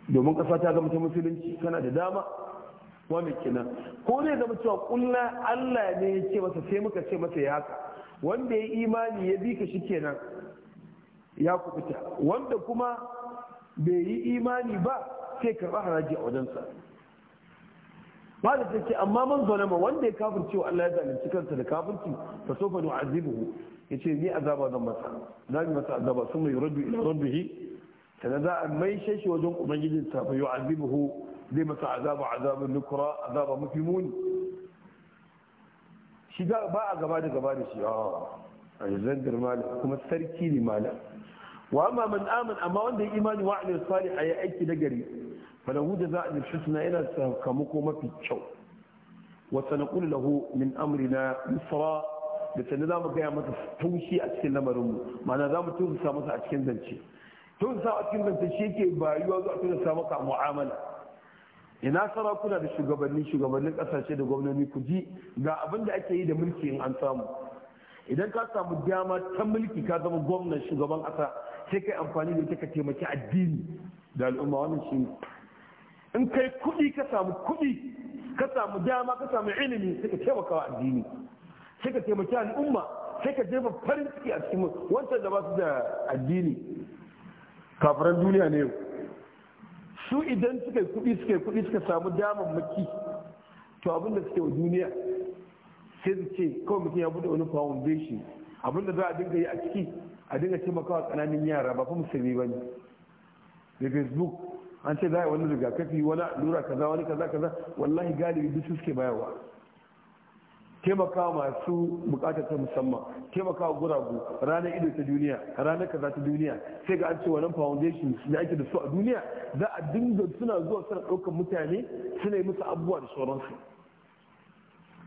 domin kasa ta ga ta musulunci kana da dama wa kenan ko zai zama cewa kulla Allah ne ya ce masa sai muka ce masa ya haka wanda ya imani ya bi ka shi kenan ya kubuta wanda kuma bai yi imani ba sai karɓa haraji a wajensa ba da take amma man zo ma wanda ya kafirce wa Allah ya zalunci kansa da kafirci fa sofa azibuhu yace ni azaba zan masa zan masa azaba sun mai raddu ila rabbihi kana za a mai shi wajen ubangijin sa fa yu'azibuhu zai masa azaba azabin nukura azaba mafi muni shi ba a gaba da gaba da shi a ah, alexander malam kuma sarki ne malam wa amma man amin amma wanda ya imani wa alaihi a yi aiki da gari falahu da za a jirshi suna yana sakamako mafi kyau wa na lahu min amri na yusra da sanin za mu gaya masa taushi a cikin lamarinmu mana za mu tausa masa a cikin zance tausa a cikin zance shi yake bayuwa zuwa tausa maka mu'amala ina sarakuna da shugabanni shugabannin kasashe da gwamnoni ku ji ga abin da ake yi da mulki in an samu idan ka samu dama ta mulki ka zama gwamnan shugaban kasa sai kai amfani da ita ka taimaki addini da al'umma wannan shi in kai kuɗi ka samu kuɗi ka samu dama ka samu ilimi sai ka taimaka wa addini sai ka taimaki al'umma sai ka jefa farin ciki a cikin wancan da ba su da addini kafiran duniya ne yau su idan suka yi kuɗi suka yi kuɗi suka samu damammaki to abin da suke wa duniya sai su ce kawai mutum ya buɗe wani foundation abin da za a dinga yi a ciki a dinga taimakawa tsananin yara ba fa musulmi ba ne da facebook an ce za a yi wani rigakafi wani allura kaza wani kaza kaza wallahi galibi duk suke bayarwa taimaka masu bukatar ta musamman taimaka guragu ranar ido ta duniya ranar kaza ta duniya sai ga an ce wannan foundation da ake da su a duniya za a dinga suna zuwa suna ɗaukar mutane suna yi musu abubuwa da sauransu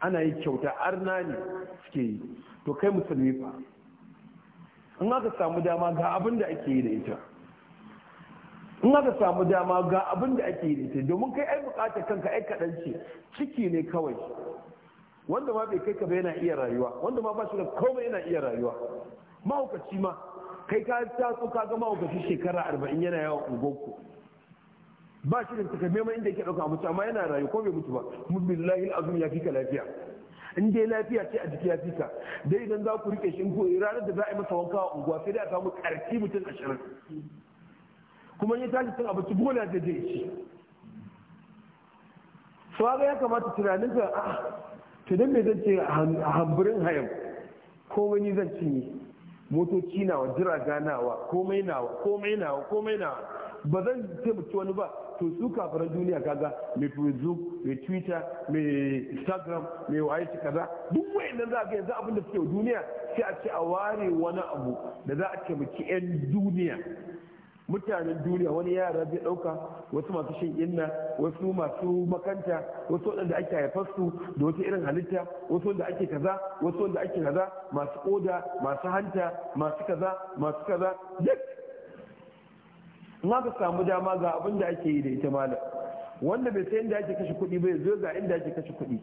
ana yi kyauta arna ne suke yi to kai musulmi fa in aka samu dama ga abin da ake yi da ita in aka samu dama ga abin da ake yi da ita domin kai ai bukatar kanka ai kaɗan ce ciki ne kawai wanda ma bai kai ka ba yana iya rayuwa wanda ma ba shi da komai yana iya rayuwa mahaukaci ma kai ka taso ka ga mahaukaci shekara arba'in yana yawan ungonku ba shi da takamaiman inda yake ɗauka mutu amma yana rayu ko bai mutu ba mubin lahil azum ya fika lafiya in dai lafiya ce a jiki ya fika dai idan za ku rike shi ko ranar da za a yi masa wanka a unguwa sai dai a samu karfi mutum ashirin kuma ya tashi cin abinci bola da zai ci so ya kamata tunaninka a ah, to don me zan ce a hamburin hayan komai ni zan cinye motoci nawa jiraga nawa komai nawa komai nawa komai nawa ba zan taimaki wani ba to su kafaran duniya kaga mai facebook mai twitter mai instagram mai waye shi kaza duk nan za ga yanzu abin da suke duniya sai a ce a ware wani abu da za a taimaki yan duniya mutanen duniya wani yara zai ɗauka wasu masu shan inna wasu masu makanta wasu wadanda ake haifarsu da wata irin halitta wasu wanda ake kaza wasu wanda ake kaza masu koda masu hanta masu kaza masu kaza duk na ka samu dama ga abin da ake yi da ita malam wanda bai san inda ake kashe kuɗi bai zo ga inda ake kashe kuɗi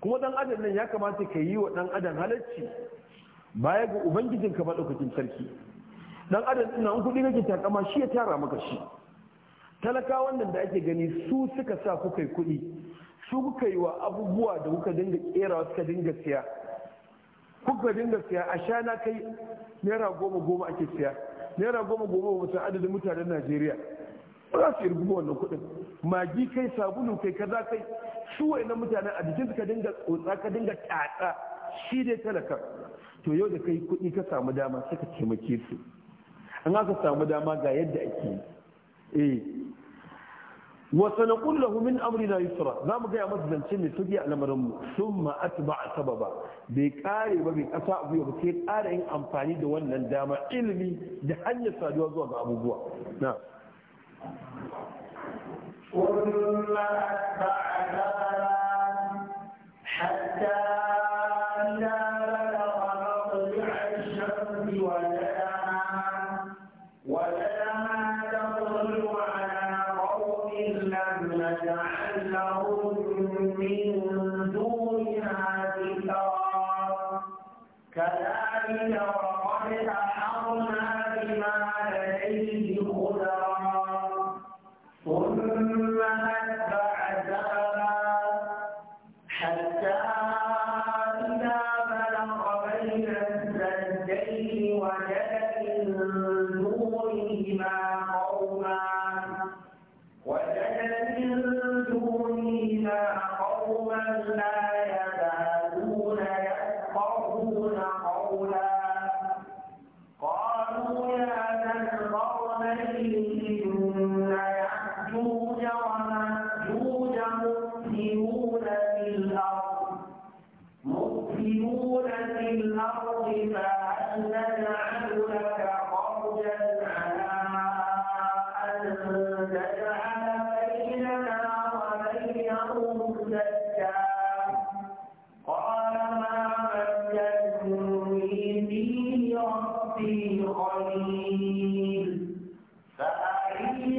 kuma dan adam nan ya kamata ka yi wa dan adam halacci baya ga ubangijinka daukakin sarki dan adam nan kuɗi kake takama shi ya tara maka shi Talaka wannan da ake gani su suka sa kuka yi kuɗi su kuka yi wa abubuwa da kuka dinga kera suka dinga siya kuka dinga siya a shana kai naira goma goma ake siya naira goma goma ba mutum adadin mutanen najeriya ba za su yi wannan kuɗin magi kai sabulu kai kaza kai su wa'annan mutanen a jikinsu ka dinga tsotsa ka dinga tatsa shi dai talaka to yau da kai kuɗi ka samu dama suka taimake su An aka samu dama ga yadda ake eh wa sanaqul lahu min amri amrina yusra za mu ga masa zance mai tuki a lamarin mu thumma atba'a sababa bai kare ba bai kasa a ba sai kara yin amfani da wannan dama ilimi da hanyar saduwa zuwa ga abubuwa na'am ثم أتبع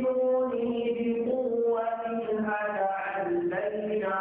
فأتوني بقوة لعلينا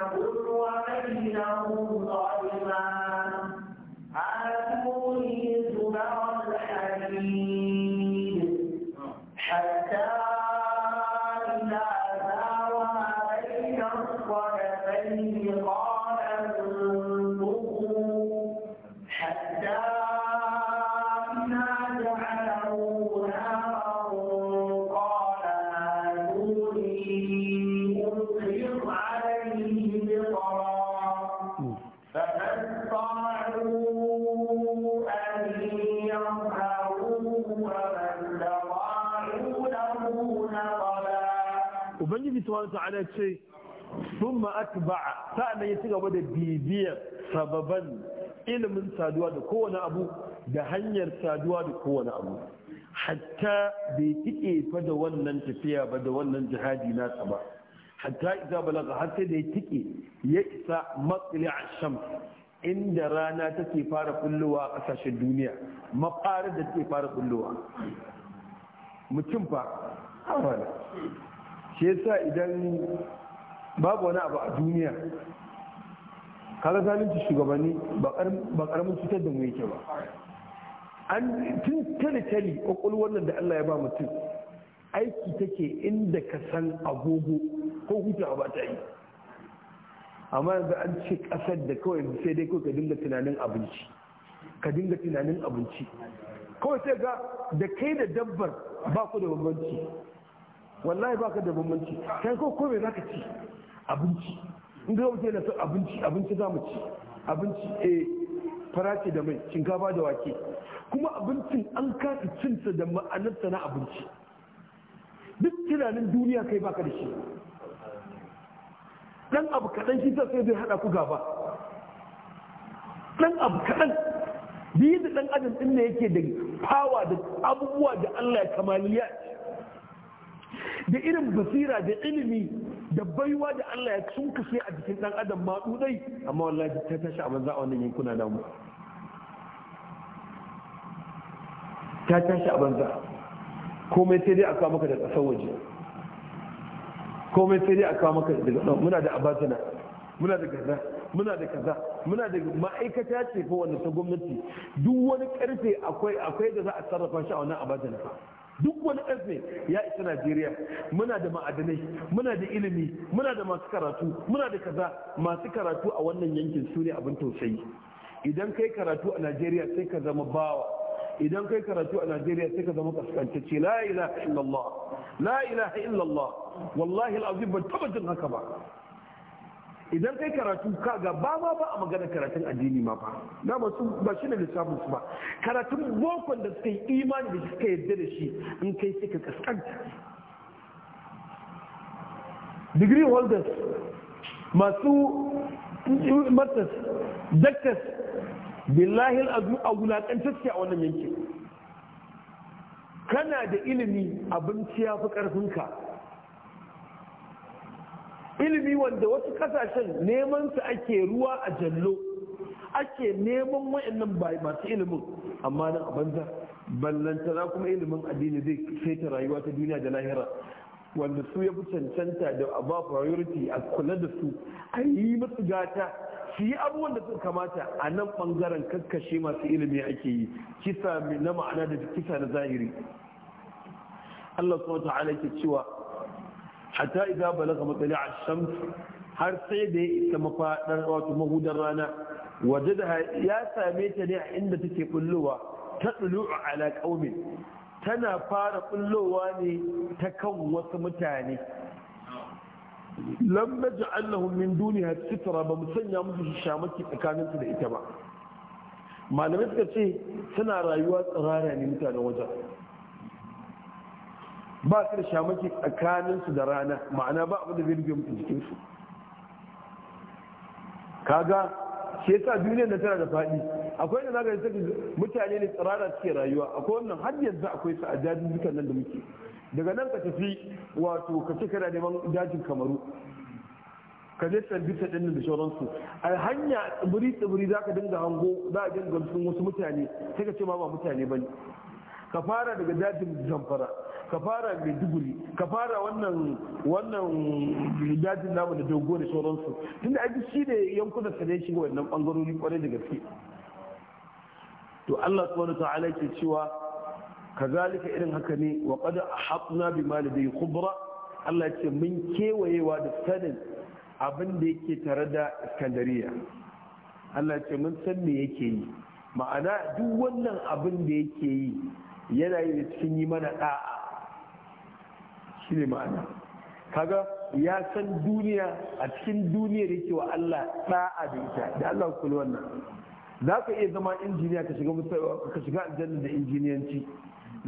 sun atba'a sa'annan ya ci gaba da bibiyar sababan ilimin saduwa da kowane abu da hanyar saduwa da kowane abu hatta bai tike fa da wannan tafiya ba da wannan jihadi na ba hatta idza balaga har sai da ya tike ya isa maqli shams inda rana take fara kulluwa a kasashen duniya mafarar da take fara kulluwa, mutum fa shi yasa idan babu wani abu a duniya kaga zalunci shugabanni ba karamin cutar da mu yake ba an tun tali tare kwakwalwar wannan da Allah ya ba mutum aiki take inda ka san agogo ko hutu ba ta yi amma yanzu an ce kasar da kawai sai dai kawai ka dinga tunanin abinci ka dinga tunanin abinci kawai sai ga da kai da dabbar ba ku da bambanci wallahi ba ka da bambanci kai ko kome za ka ci abinci in ga mutum yana son abinci abinci za mu ci abinci a eh, farace da mai shinkafa da wake kuma abincin an kasa cinta da ma'anarsa na abinci duk tunanin duniya kai baka da shi dan abu kaɗan shi sai zai haɗa ku gaba dan abu kaɗan biyu da dan adam ɗin ne yake da fawa da abubuwa da Allah ya kamaliya da irin basira da ilimi da baiwa da Allah ya tunkashe a jikin dan adam ma dudai amma wallahi ta tashi a banza a wannan yankuna mu, ta tashi a banza komai sai dai a kawo maka da kasar waje komai sai dai a kawo maka daga muna da abatana muna da gaza muna da kaza muna da ma'aikata ce ko wanda ta gwamnati duk wani karfe akwai akwai da za a sarrafa shi a wannan fa. duk wani ƙarfe ya isa najeriya muna da ma'adanai muna da ilimi muna da masu karatu muna da kaza masu karatu a wannan yankin su ne abin tausayi idan kai karatu a najeriya sai ka zama bawa idan kai karatu a najeriya sai ka zama kaskantacce la ilaha illallah la ilaha illallah wallahi al'azim ban taba jin haka ba idan kai karatu ka ga ba ma ba a magana karatun addini ma ba na ba su ba shi ne lissafin su ba karatun bokon da suka yi imani da suka yarda da shi in kai sai ka kaskanta degree holders masu martas daktas billahi al'adu a wulakantar a wannan yankin kana da ilimi abinci ya fi ilimi wanda wasu kasashen neman su ake ruwa a jallo ake neman waɗannan bai masu ilimin amma nan a banza ballantana kuma ilimin addini zai saita rayuwa ta duniya da lahira wanda su ya fi cancanta da ba priority a kula da su a yi musu gata su yi abubuwan da suka kamata a nan bangaren kakkashe masu ilimi ake yi kisa na ma'ana da kisa na zahiri Allah subhanahu wa ta'ala ke cewa hatta idza balaga matsali ash-shams har sai da ya isa mafadar wato mahudar rana wajadaha ya same ta ne a inda take bullowa ta tsulu ala qaumin tana fara bullowa ne ta kan wasu mutane lam naj'al lahum min duniha sitra ba musanya musu shamaki tsakanin su da ita ba malamai suka ce suna rayuwa tsirara ne mutanen wajen ba su da shamaki tsakaninsu da rana ma'ana ba abu da zai rufe jikinsu kaga shi yasa duniyar da tana da faɗi akwai da zagaye da mutane ne tsirara suke rayuwa akwai wannan har yanzu akwai su a dajin dukan nan da muke daga nan ka tafi wato ka ce kana neman dajin kamaru ka je bisa ɗin da shauransu a hanya tsibiri tsibiri za ka dinga hango za a dinga sun wasu mutane sai ka ce ma ba mutane ba ne ka fara daga dajin zamfara ka fara mai duguri ka fara wannan wannan dajin namu da dogo da sauransu tunda aiki shi ne yankunan sa ne shiga wannan bangarori kwarai da gaske to Allah subhanahu wa ta'ala ke cewa kazalika irin haka ne wa qad ahatna da ladai khubra Allah ce mun kewayewa da sanin abin da yake tare da iskandariya Allah ce mun san me yake yi ma'ana duk wannan abin da yake yi yana yi da cikin yi mana da'a shi ne ma'ana kaga ya san duniya a cikin duniyar ke wa Allah da'a da ita da Allah kula wannan za ka iya zama injiniya ka shiga ka shiga aljanna da injiniyanci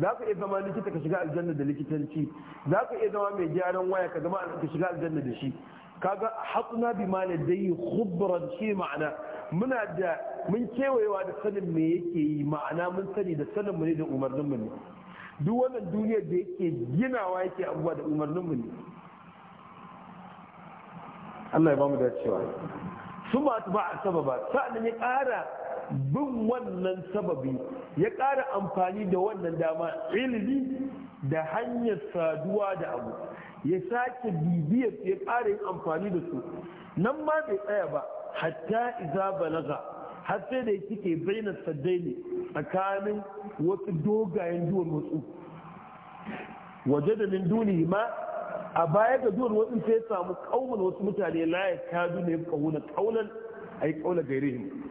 za ka iya zama likita ka shiga aljanna da likitanci za ka iya zama mai gyaran waya ka zama ka shiga aljanna da shi kaga hatsuna bi ma ladai khubran shi ma'ana muna da mun kewayewa da sanin me yake yi ma'ana mun sani da sanin mu ne da umarnin mu ne duk wannan duniyar da yake ginawa yake abubuwa da umarnin mu ne Allah ya ba mu dacewa su ma ba a sababa sa'annan ya ƙara bin wannan sababi ya ƙara amfani da wannan dama ilimi da hanyar saduwa da abu ya sake bibiyar ya ƙara yin amfani da su nan ma bai tsaya ba hatta iza balaga har sai da suke baina saddaini tsakanin wasu dogayen duwar wasu waje da min duni ma a baya ga duwar wasu sai samu kaumun wasu mutane la ya kadu ne kauna kaulan ai kaula gairihim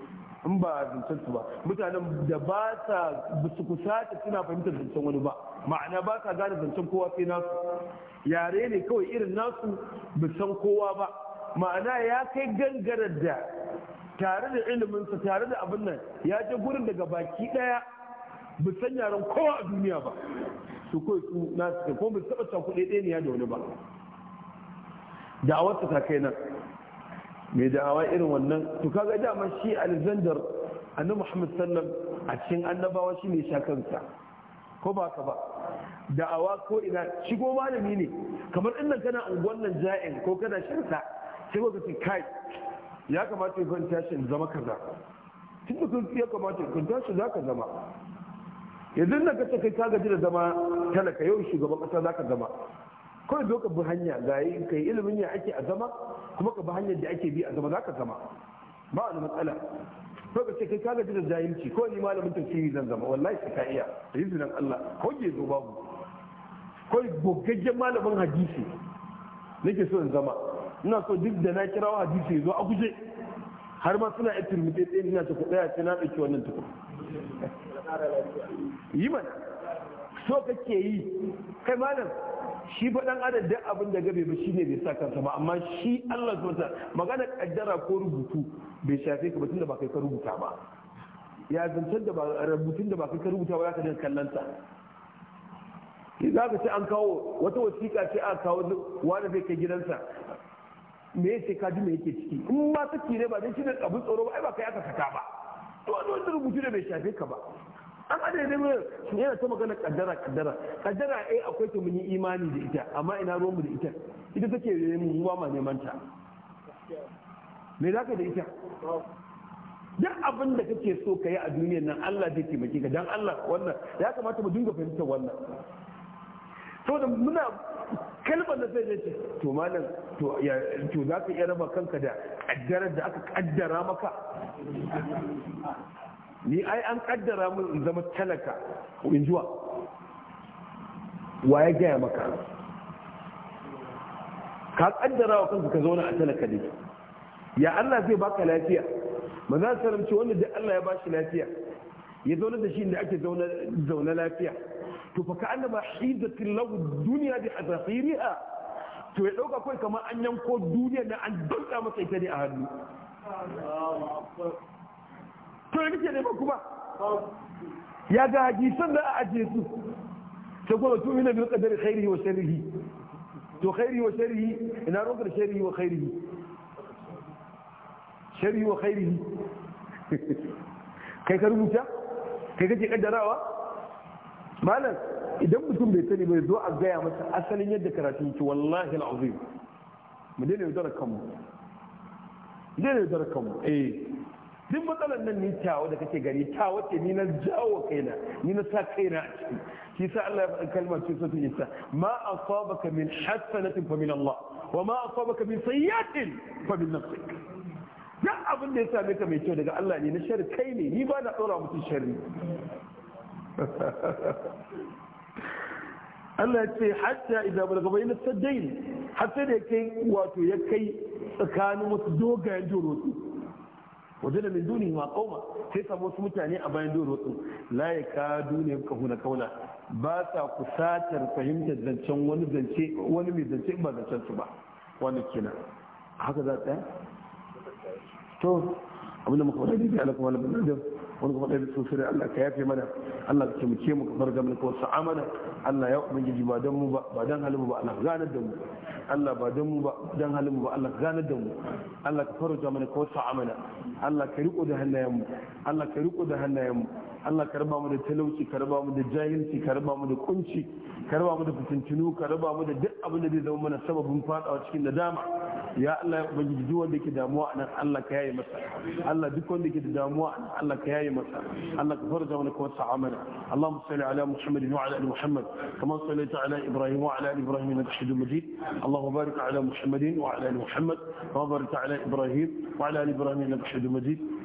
in ba zancen su ba mutanen da ba sa su kusata suna fahimtar zancen wani ba ma'ana ba sa gane zancen kowa sai nasu yare ne kawai irin nasu bisan kowa ba ma'ana ya kai gangarar da tare da iliminsa tare da abin nan ya je gurin daga baki daya bu san yaran kowa a duniya ba su kawai su na su kuma bu taba cakuɗe ɗaya ne ya da wani ba da'awarsa ta kai nan mai da'awa irin wannan to kaga dama shi alexander annabi muhammad sallam a cikin annabawa shi ne sa. ko ba ka ba da'awa ko ina shigo malami ne kamar inda kana unguwan nan ja'in ko kana shirka sai ba kai ya kamata ya kwanta shi zama kaza tun da ya kamata ya kwanta shi za ka zama yanzu na kace kai ka gaji da zama talaka yau shugaban kasa za ka zama kawai zo ka bi hanya ga yi kai ilimin ya ake a zama kuma ka bi hanyar da ake bi a zama za ka zama ba wani matsala ko ka ce kai ka gaji da jahilci ko ni malamin tafsiri zan zama wallahi sai ka iya da izinin Allah ko ke zo babu ko gogaggen malamin hadisi nake so in zama ina so duk da na kira wa hadisi zo a kuje har ma suna a turmite tsaye ina ta kuɗaya sai na ɗauki wannan tukun yi mana so kake yi kai malam shi fa dan duk abin da gabe ba shine bai sa kansa ba amma shi Allah subhanahu magana kaddara ko rubutu bai shafe ka ba tunda ba kai ka rubuta ba ya zancen da ba rubutun da ba kai ka rubuta ba zaka dinga kallon sa za ka ce an kawo wata wasiƙa ce a kawo wanda zai kai gidansa me yake ka ji me yake ciki in ta ci ne ba dai shi ne abin tsoro ba ai ba kai aka kata ba to wani wanda rubutu da bai shafe ka ba an ada da yana ta magana kaddara kaddara kaddara eh akwai ta muni imani da ita amma ina ruwan mu da ita ita take mu ruwa ma neman ta me zaka da ita duk abin da kake so ka yi a duniyar nan Allah zai taimake ka dan Allah wannan ya kamata mu dinga fahimtar wannan saboda muna kalmar da sai ce to malam to za ka iya raba kanka da kaddarar da aka kaddara maka ni ai an kaddara mun in zama talaka in zuwa wa ya gaya maka ka kaddara wa kanka ka zauna a talaka ne ya Allah zai baka lafiya maza sallam ce wanda duk Allah ya bashi lafiya ya zauna da shi inda ake zauna lafiya فكأنما حيدت له الدنيا بحذاقيرها فيعوك أقول كما أن ينقو الدنيا لأن دلت أما سيتني أهلي فلنك يا نباكما يا جاهجي سنة أجيسو سيقول تؤمن بالقدر خيره وشره تو خيره وشره إن أروك لشره وخيره شره وخيره كيف كانوا موتا كيف كانت قدراء malam idan mutum bai sani bai zo a gaya masa asalin yadda karatu yake wallahi al'azim mu daina yaudarar kanmu mu daina yaudarar kanmu eh duk matsalar nan ni tawo da kake gari tawo ce ni na jawo kaina ni na sa kaina a ciki shi sa Allah ya faɗi kalmar cikin sautin isa ma asabaka min hasanatin fa min Allah wa ma asabaka min sayyatin fa min nafsik duk abin da ya same ka mai kyau daga Allah ne na shari kai ne ni ba na ɗora mutum sharri Allah ya ce hatta idan balaga bayin sajdain har sai da ya kai wato ya kai tsakanin wasu dogayen jorotu wajen da min duni ma kauma sai samu wasu mutane a bayan jorotu la ya ka duni ka huna kauna ba sa kusatar fahimtar zancen wani zance wani mai zance ba zancen su ba wani kenan haka za ta to abinda muka faɗa daidai Allah kuma labar da wani kuma ɗaya sun sura Allah ka yafe mana Allah ka taimake mu ka farga mana ko sa'a mana Allah ya ubangiji ba dan mu ba ba dan halin mu ba Allah ganar da mu Allah ba dan mu ba dan halin mu ba Allah ganar da mu Allah ka farja mana ko sa'a mana Allah ka riko da hannayen mu Allah ka riko da hannayen mu Allah ka raba mu da talauci ka raba mu da jahilci ka raba mu da kunci ka raba mu da fitintinu ka raba mu da duk abin da zai zama mana sababin fadawa cikin nadama ya Allah ya ubangiji duk wanda yake damuwa a nan Allah ka yaye masa Allah duk wanda yake da damuwa a nan Allah ka yaye masa Allah ka farja mana kuma sa'a amana Allahumma salli ala Muhammad wa ala ali Muhammad kama sallaita ala Ibrahim wa ala ali Ibrahim innaka Hamidum Majid Allahumma barik ala Muhammad wa ala ali Muhammad ala Ibrahim wa ala ali Ibrahim innaka Hamidum Majid